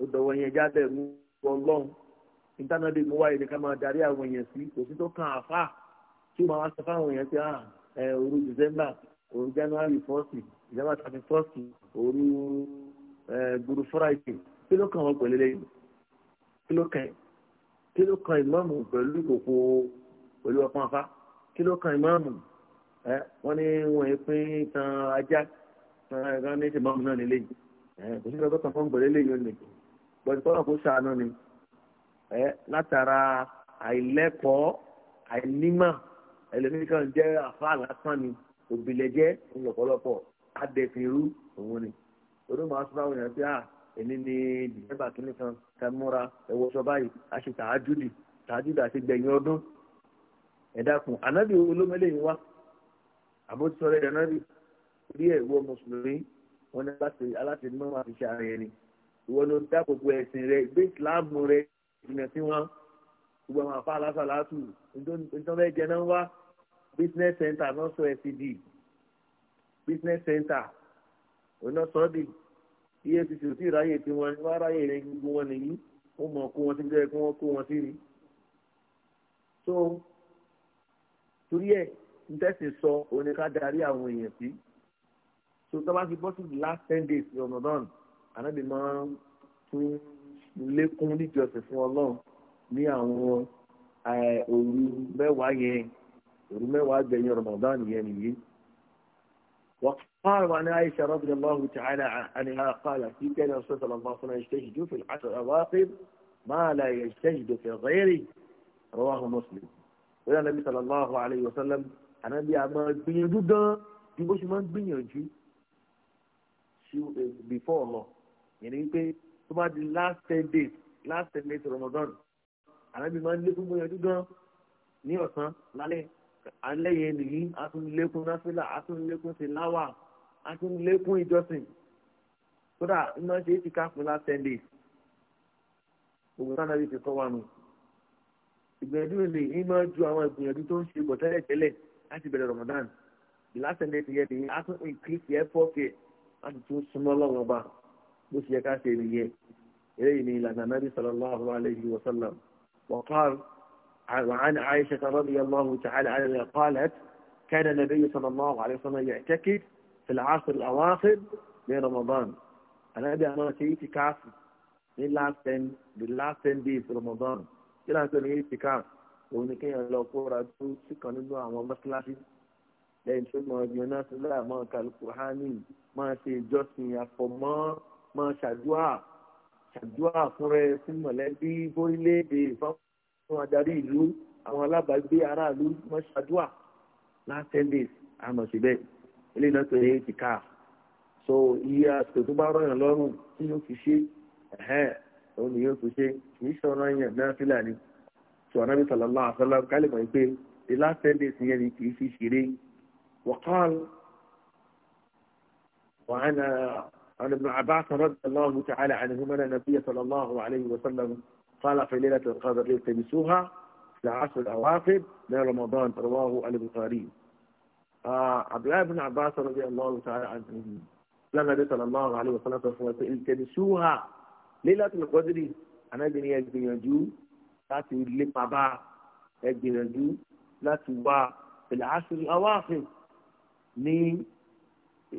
ó dọ̀wọ́ yẹn jábẹ̀ mú ọlọ́run ìtànàbí mú wáyé nìkan máa darí àwọn èèyàn sí òsì tó kan àfà tí màá sọ fáwọn èèyàn pé ẹ òru dìsẹ́mbà òru january fọ́ọ̀sì ìjọba tàbí fọ́ọ̀sì òru gbùrù fúráìdì kí ló kàn wọ́n pẹ̀lú lẹ́yìn kí ló kàn kí ló kan ìmáàmù pẹ̀lú ìkòkò pẹ̀lú ọpọ́n afá kí ló kan ìmáàmù ẹ wọ́n ní wọ́n yẹn pín tan ajá tan ẹ̀ka ní ìmáàmù náà nílé yìí ẹ kò sí ọgọ́ kan fún gbọ̀lẹ́ lè yọ ní bọ̀dé kọ́nà kó sàánú ni ẹ látara àìlẹ́kọ̀ọ́ àìnímọ̀ ẹlẹ́mìkan jẹ́ afá lásán ni òbílẹ̀ jẹ́ ńlọ̀pọ̀lọpọ̀ adẹ̀fìnrú òun ni onímọ̀ asọ́nà òyìnbó èmi ni dìbẹ́bà kìíní kan ká múra ẹwọ́ sọ báyìí a ṣe tàájúdì tàájúdì àti gbẹ̀yìn ọdún ẹ̀dàkùn ànábì olómẹ́lẹ̀ yìí wá àbótisọ́rẹ́ ànábì rí ẹ̀wọ́ mùsùlùmí wọn ni aláṣẹ ní wọn àti ṣe ara ẹni ìwọ ni o dá gbogbo ẹ̀sìn rẹ gbé ìsìláàmù rẹ ìjìnà sí wọn gbogbo àwọn afá aláṣà látù nítorí jẹ náà wá business center náà sọ ẹ̀sìn di business center òun náà sọ ọ́ di efcc ò tí ì ráyè tí wọn wá ráyè rẹ gbogbo wọn nìyí wọn mọ kó wọn sí jẹ kí wọn kó wọn sí rí so torí ẹ n tẹsí sọ òun ni ká darí àwọn èèyàn sí so tó bá ti bọ́ sí the last ten days ní Ramadan ànábì máa ń tún lékún níjọsìn fún Ọlọ́run ní àwọn òru mẹ́wàá yẹn òru mẹ́wàá gbẹ̀yìn Ramadan yẹn nìyí. وقال وعن عائشة رضي الله تعالى عنها قال في كان رسول الله صلى الله عليه وسلم يجتهد في العشر الأواخر ما لا يجتهد في غيره رواه مسلم ولا النبي صلى الله عليه وسلم أنا بي أما بينجو دان دي بوش ما بينجو before lọ before ni يعني tó ثم di last ten days last ten days Ramadan àná bí máa ń lé fún gbìyànjú gan ní à ń lẹ́yìn nìyí a tún lékún náfìlà a tún lékún a tún lékún ìjọsìn kódà iná ṣe é ti ká fún last ten days ògùn náà nàbí ti kọ́ wa nù ìgbìyànjú ni yìí máa ju àwọn ìgbìyànjú tó ń ṣe bọ̀ tẹ́lẹ̀ tẹ́lẹ̀ láti bẹ̀rẹ̀ Ramadan the last ten days yẹn nìyí a tún increase the effort yẹn láti tún súnmọ́ lọ́wọ́ ọba bó ṣe yẹ ká ṣe nìyẹn eléyìí ni ìlànà nàbí وعن عائشة رضي الله تعالى عنها قالت كان النبي صلى الله عليه وسلم يعتكف في العصر الأواخر من رمضان أنا أبي أنا سيئتي كاف من لاستن باللاستن بي في رمضان إلا سيئتي كاف وإن كان لو قورا سكان النوع ومسلح لأن شو ما يناس لا ما كان القرحاني ما سي يا يفهم ما شدوا شدوا فري ثم لبي فوري لبي فوري àwọn adarí ìlú àwọn alábàágbé aráàlú wọ́n ṣàdúà last ten days àmọ̀ síbẹ̀ eléyìí náà pèrè ti ká so iye àsìkò tó bá rọyàn lọ́rùn tí yóò fi ṣe òun ni yóò fi ṣe kì í ṣọ̀rọ̀ yẹn náà fílà ni sọ̀rọ̀ bí sàlọ́lá àṣọlá kálímọ̀ pé the last ten days yẹn ni kì í fi ṣeré wọ́kọ́l وعن عن ابن عباس رضي الله تعالى عنهما النبي صلى الله عليه وسلم قال في ليلة القدر التمسوها لعشر الأواخر من رمضان رواه البخاري عبد الله بن عباس رضي الله تعالى عنه لما صلى الله عليه وسلم التمسوها ليلة القدر أنا بني يجو láti lé pàbá ẹgbìyànjú láti wá ìlàásìrì awáàfin ní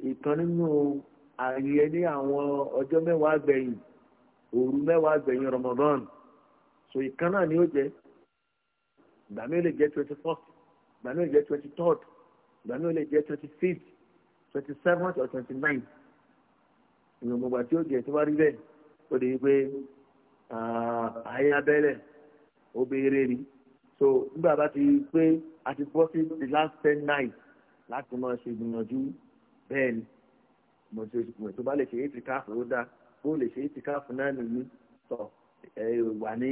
ìkan nínú ààyè ní àwọn ọjọ́ mẹ́wàá gbẹ̀yìn òru mẹ́wàá gbẹ̀yìn Ramadan so ìkan náà ni ó jẹ ìgbà mi ò lè jẹ twenty first ìgbà mi ò lè jẹ twenty third ìgbà mi ò lè jẹ twenty fifth twenty seventh or twenty ninth ìwọ̀n gbogbo àti ó jẹ tó bá rí bẹ́ẹ̀ ó lè rí pé ayé abẹ́lẹ̀ ó béèrè rí so nígbà bá ti pé a ti bọ́ sí the last ten night láti máa ṣe ìgbìyànjú bẹ́ẹ̀ ni mo ti ṣe ìgbìyànjú tó bá lè ṣe é ti káàfù ó dáa bó lè ṣe é ti káàfù náà nìyí sọ. So, wà ní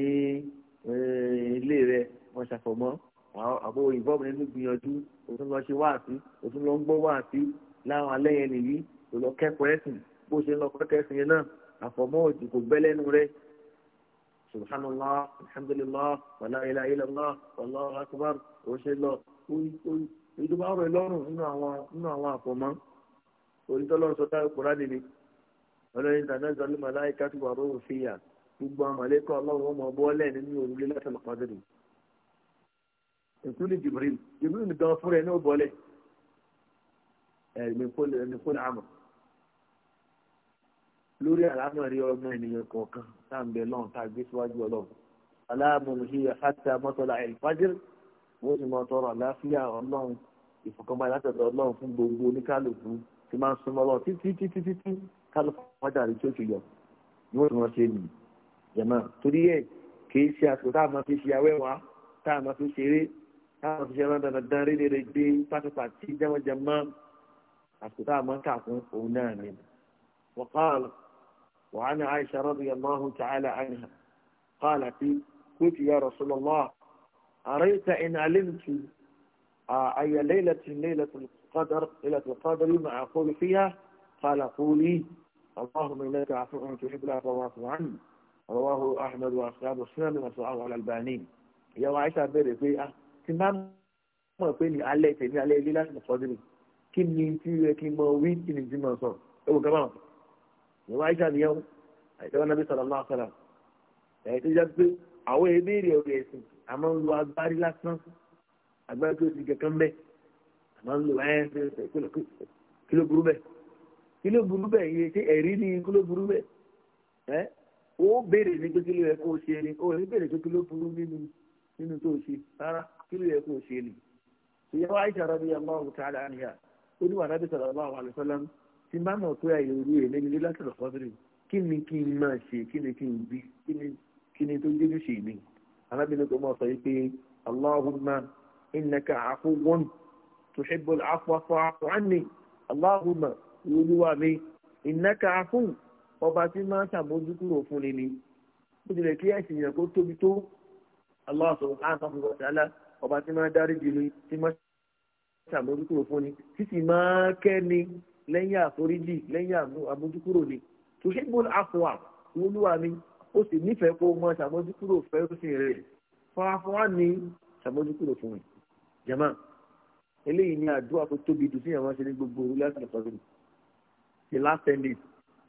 ilé rẹ wọn ṣàfọ̀mọ́ àbò ìbọ̀mù nínú gbìyànjú òtún lọ ṣe wáàsí òtún lọ ń gbọ́ wáàsí láwọn alẹ́ yẹn nìyí kò lọ kẹ́kọ̀ọ́ ẹ̀sìn bó ṣe ń lọ kẹ́kọ̀ọ́ ẹ̀sìn yẹn náà àfọ̀mọ́ òdì kò gbẹ́ lẹ́nu rẹ subhanallah alhamdulillah wàlá ilà ilà allah wallahu akbar ó ṣe lọ ìdúbà ọ̀rọ̀ ìlọ́rùn nínú àwọn nínú àwọn àfọ̀mọ́ onítọ́lọ́run sọ táwọn kùrá nìyí ìzọlùmọ̀ láyé gbogbo àwọn mọ̀lẹ́kọ̀ ọlọ́run wọn mọ̀ bọ́ọ̀lẹ̀ nínú òrùlé látàlọ́ pàdánù including Jibril Jibril nìkan fúnra ẹ̀ ní ó bọ́ọ̀lẹ̀ ẹ̀mìkún àmọ̀ lórí àlámọ̀rí ọmọ ènìyàn kọ̀ọ̀kan táǹbẹ̀ náà tá a gbé síwájú ọlọ́run aláàmọ̀rún ṣe àfáàtà mọ́tọ́lá ẹ̀fájẹ́rì wọ́n sì máa tọrọ àláfíà ọlọ́run ìfọ̀kànbalẹ̀ látọ̀dọ̀ ọlọ́run fún gbogbo oníkálùkù tí máa ń súnmọ́ ọlọ́run títí títí títí kálùkù wájà rí tí ó ti yọ jẹ̀mọ́ torí ẹ̀ kì í ṣe àsìkò tá a máa fi ṣe awẹ́wàá tá a máa fi ṣeré tá a máa fi ṣe ẹran dandan rédèrèdè pátápátí jẹ́mọ́jẹ́mọ́ àsìkò tá a máa ń kà fún òun náà ni. وقال وعن عائشة رضي الله تعالى عنها قالت قلت يا رسول الله أريت إن علمت أي ليلة ليلة القدر ليلة القدر ما أقول فيها قال قولي اللهم إنك عفو تحب العفو عنه رواه أحمد وأصحاب السنن وصححه الألباني يا عائشة bẹ̀rẹ̀ pé ah tí máa mọ̀ pé ní alẹ́ tèmi alẹ́ ilé láti mọ̀ fọ́dúnrún kí ni tí yẹ kí n mọ wí kí ni tí mo sọ ẹ wò kábàámọ̀ ìyá àìsà nìyẹn o àìsàn nàbí sallallahu alaihi wasallam ẹ̀ tó yá pé àwọn ìbéèrè ọ̀rẹ́ ẹ̀sìn a máa ń lo agbárí lásán agbárí tó ti kankan bẹ́ẹ̀ a máa ń lo ẹ̀ kí ló burú bẹ́ẹ̀ kí ló burú bẹ́ẹ̀ ni kí ló burú ó béèrè ní pé kí ló yẹ kó ṣe ni ó ní béèrè pé kí ló burú nínú nínú tó ṣe rárá kí ló yẹ kó ṣe ni. ìyàwó àìsàn rẹ bí ọmọ ọ̀hún tá a dá níyà ó ní wàhálà bí sọ̀rọ̀ ọmọ àwọn àlùfọ́lám ti máa mọ̀ pé àyè orí rẹ̀ lẹ́ni lé látọ̀rọ̀ fọ́tìrì kí ni kí n máa ṣe kí ni kí n bí kí ni tó dédú ṣe mi. arábìnrin tó mọ̀ sọ yìí pé allahumma innaka afuwun tuhibbul afwa ọba tí máa ń ṣàbójúkúrò fún ni ni ó tilẹ̀ kí ẹ̀sìn yẹn kó tóbi tó Allah subhanahu wa ta'ala ọba tí máa ń dárí jù ni tí máa ṣàbójúkúrò fún ni títí máa kẹ́ni lẹ́yìn àforíjì lẹ́yìn àbójúkúrò ni tó ṣe gbọ́dọ̀ àfọwà olúwa ni ó sì nífẹ̀ẹ́ kó mọ ṣàbójúkúrò fẹ́rùsìn rẹ̀ fọwáfọwá ni ṣàbójúkúrò fún mi jàmá eléyìí ni àdúrà tó tóbi dùn sí àwọn the last ten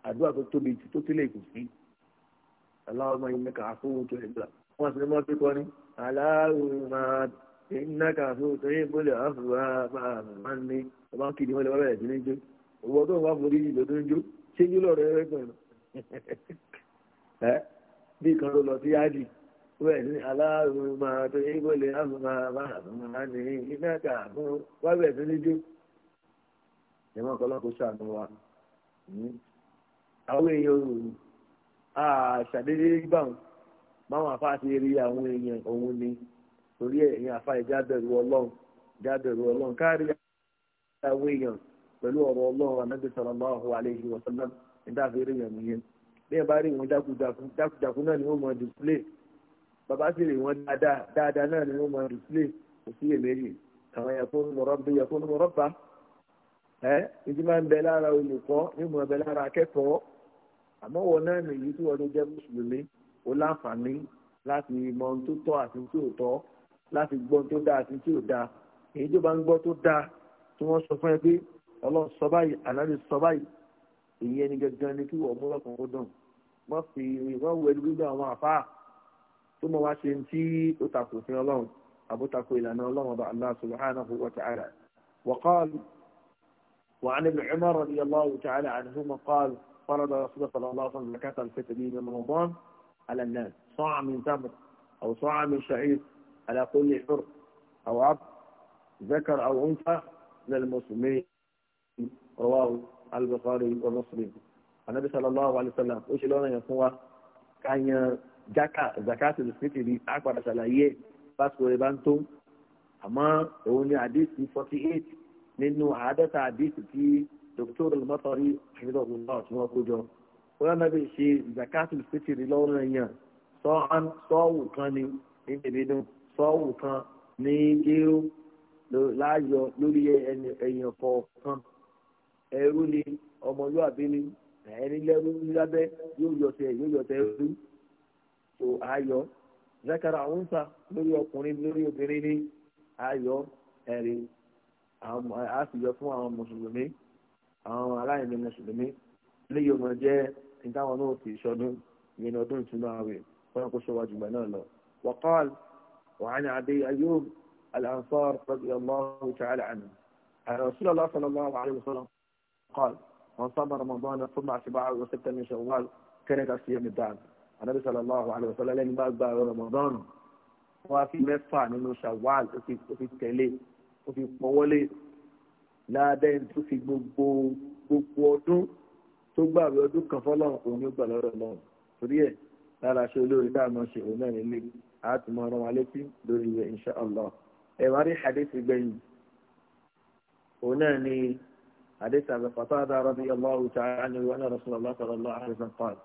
àdúrà tó tóbi jù tó tẹ́lẹ̀ kò sí aláwọ̀ ìnáka àfọwọ́ tó ẹgbà wọ́n sì ní wọ́n fi kọ́ ní aláwọ̀ ìnáka àfọwọ́ tó yẹ bọ́lẹ̀ àfọwọ́ máa ní ọba kìdí wọn lè wọ́n bẹ̀rẹ̀ sí ní jó owó tó ń wá forí ìlú jó ṣé yín lọ́rọ̀ ẹ pẹ̀lú *laughs* bí kan ló lọ sí ájì bẹ́ẹ̀ ni aláwọ̀ máa tó yẹ bọ́lẹ̀ àfọwọ́ máa ní ìnáka àfọwọ́ wá bẹ̀rẹ̀ sí ní jó ẹ̀mọ́ àwọn èèyàn òòrùn àṣàdédé gbà wọn báwọn afá ti rí àwọn èèyàn òun ni torí ẹ̀yìn afá ìjà bẹ̀rù ọlọ́run ìjà bẹ̀rù ọlọ́run káàrí àwọn èèyàn pẹ̀lú ọ̀rọ̀ ọlọ́run anábì sallallahu alaihi wa sallam nígbà fi rí èèyàn nìyẹn bí ẹ bá rí wọn jákujàku náà ni wọn mọ dìsílẹ̀ bàbá sì rí wọn dáadáa náà ni wọn mọ dìsílẹ̀ kò sí èméjì àwọn yakunu murabbi yakunu murabba ẹ ìdí máa ń bẹ lára olùkọ́ ní bẹ lára akẹ́kọ̀ọ́ àmọ́ wọn náà nìyí tí wọ́n tó jẹ́ mùsùlùmí ó láǹfààní láti mọ ohun tó tọ́ àti tí ò tọ́ láti gbọ́ ohun tó dáa àti tí ò dáa èyí tó bá ń gbọ́ tó dáa tí wọ́n sọ fún ẹ pé ọlọ́run sọ báyìí ànábì sọ báyìí èyí ẹni gangan ni kí wọ́n mú ọkàn ó dùn wọ́n fi wọ́n wọ ẹni gbígbà àwọn àfáà tó mọ̀ wá ṣe tí ó takò fún ọlọ́run àbótakò ìlànà ọlọ́run ọba Allah subhanahu wa ta'ala wa qala wa 'an ibn Umar فرض رسول الله صلى الله عليه وسلم زكاة الفطر من رمضان على الناس صاع من تمر أو صاع من شعير على كل حر أو عبد ذكر أو أنثى من المسلمين رواه البخاري ومسلم النبي صلى الله عليه وسلم وش لون يكون كان زكاة زكاة الفطر دي أكبر سلاية بس وربانتم أما هو حديث 48 nínú àádọ́ta àdìsí tí dr al-Matari hafidhahullah tí wọ́n kó jọ wọ́n náà bẹ̀ ṣe zakat al-fitr lọ́rùn èèyàn sọ́ọ̀n sọ́ọ̀wù kan ní ní tèmínú sọ́ọ̀wù kan ní gírú láàyò lórí èèyàn kọ̀ọ̀kan ẹrú ni ọmọlúwàbí ni ẹni lẹ́rú lábẹ́ yóò yọtẹ yóò yọtẹ ẹrú tó ayọ̀ zakara àwọn sa lórí ọkùnrin lórí ni ayọ̀ ẹ̀rí a sì yọ fún àwọn aláìní mùsùlùmí léyìí ọmọ jẹ́ ìtawọn náà fi sọdún ìyẹn ọdún ìtúnú àwẹ̀ wọn kò sọ wájú gbà náà lọ. waqal وعن أبي أيوب الأنصار رضي الله تعالى عنه عن رسول الله صلى الله عليه وسلم قال من صام رمضان ثم سبعة وستة من شوال كان كصيام الدهر النبي صلى الله عليه وسلم لن بعد رمضان وفي مدفع من شوال وفي تلي وفي قولي láàdẹ́yìn tó fi gbogbo gbogbo ọdún tó gbàwé ọdún kan fọlọ́run òun yóò gbà lọ́rọ̀ náà torí ẹ̀ lára ṣe olórí dáàmú ṣe òun náà nílé àtúmọ̀ ọ̀rọ̀ wọn létí lórí rẹ̀ insha allah ẹ̀ wá rí hadith gbẹ̀yìn òun náà ni hadith Abi Qatada radiyallahu ta'ala anhu wa anna Rasulullah sallallahu alaihi wa sallam qala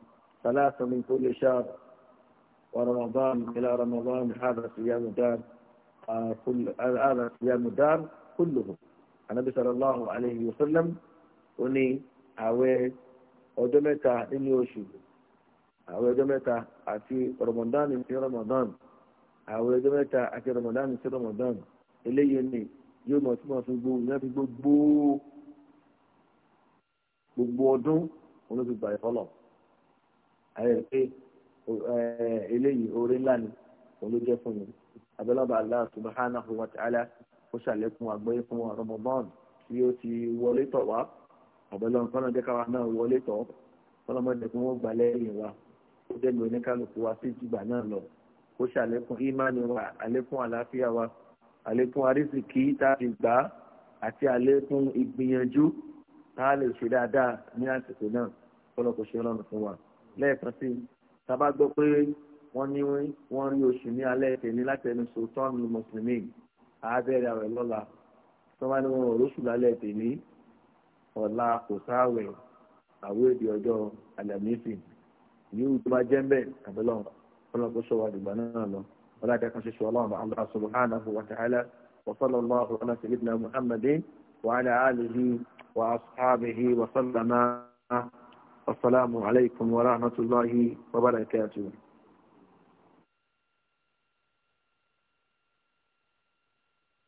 ثلاثة من كل شهر ورمضان إلى رمضان هذا صيام الدار كل هذا صيام anabi sallallahu alayhi wa sallam ó ní àwẹ̀ ọjọ́ mẹ́ta nínú oṣù àwẹ̀ ọjọ́ mẹ́ta àti ramadan sí ramadan àwẹ̀ ọjọ́ mẹ́ta àti ramadan sí ramadan eléyìí ni yóò mọ̀ tí wọ́n fi gbó yóò fi gbogbo gbogbo ọdún wọn ló fi gbà ẹ̀fọ́ ayẹyẹ pé eléyìí oore ńlá ni wọn ló jẹ́ fún mi abẹ́lẹ́ ọba Allah wa ta'ala ó ṣàlékún àgbọ́yé fún wa Ramadan tí ó ti wọlé tọ̀ wá ọ̀bẹ̀lọ́n kọ́nà jẹ́ káwa náà wọlé tọ̀ ọlọ́mọdé kí wọ́n gbà lẹ́yìn wa ó dẹ́ oníkálukú wa sí ìjìgbà náà lọ ó ṣàlékún ìmánì wa àlékún àlàáfíà wa àlékún arísìkí tá a ti gbà á àti àlékún ìgbìyànjú tá a lè ṣe dáadáa ní àsìkò náà kọ́lọ́kọ́ ṣe rọrùn fún wa lẹ́ẹ̀kan sí i tá a bá gbọ́ pé wọ́n ní wọ́n rí oṣù ní alẹ́ tèmi láti ẹnu sòtọ́ọ̀nù mùsùlùmí àábẹ̀rẹ̀ àwẹ̀ lọ́la tó bá ní wọn òróṣù lálẹ́ tèmi ọ̀la kò sáwẹ̀ àwọn èdè ọjọ́ àlàmísì yóò tó bá jẹ́ mbẹ́ àbẹ̀lọ́ ọlọ́kọ̀ sọ wa dùgbà náà lọ ọlọ́dẹ kan ṣoṣo ọlọ́run bá Allah subhanahu wa ta'ala wa sallallahu ala sayyidina muhammadin wa ala alihi wa ashabihi wa sallama assalamu alaikum wa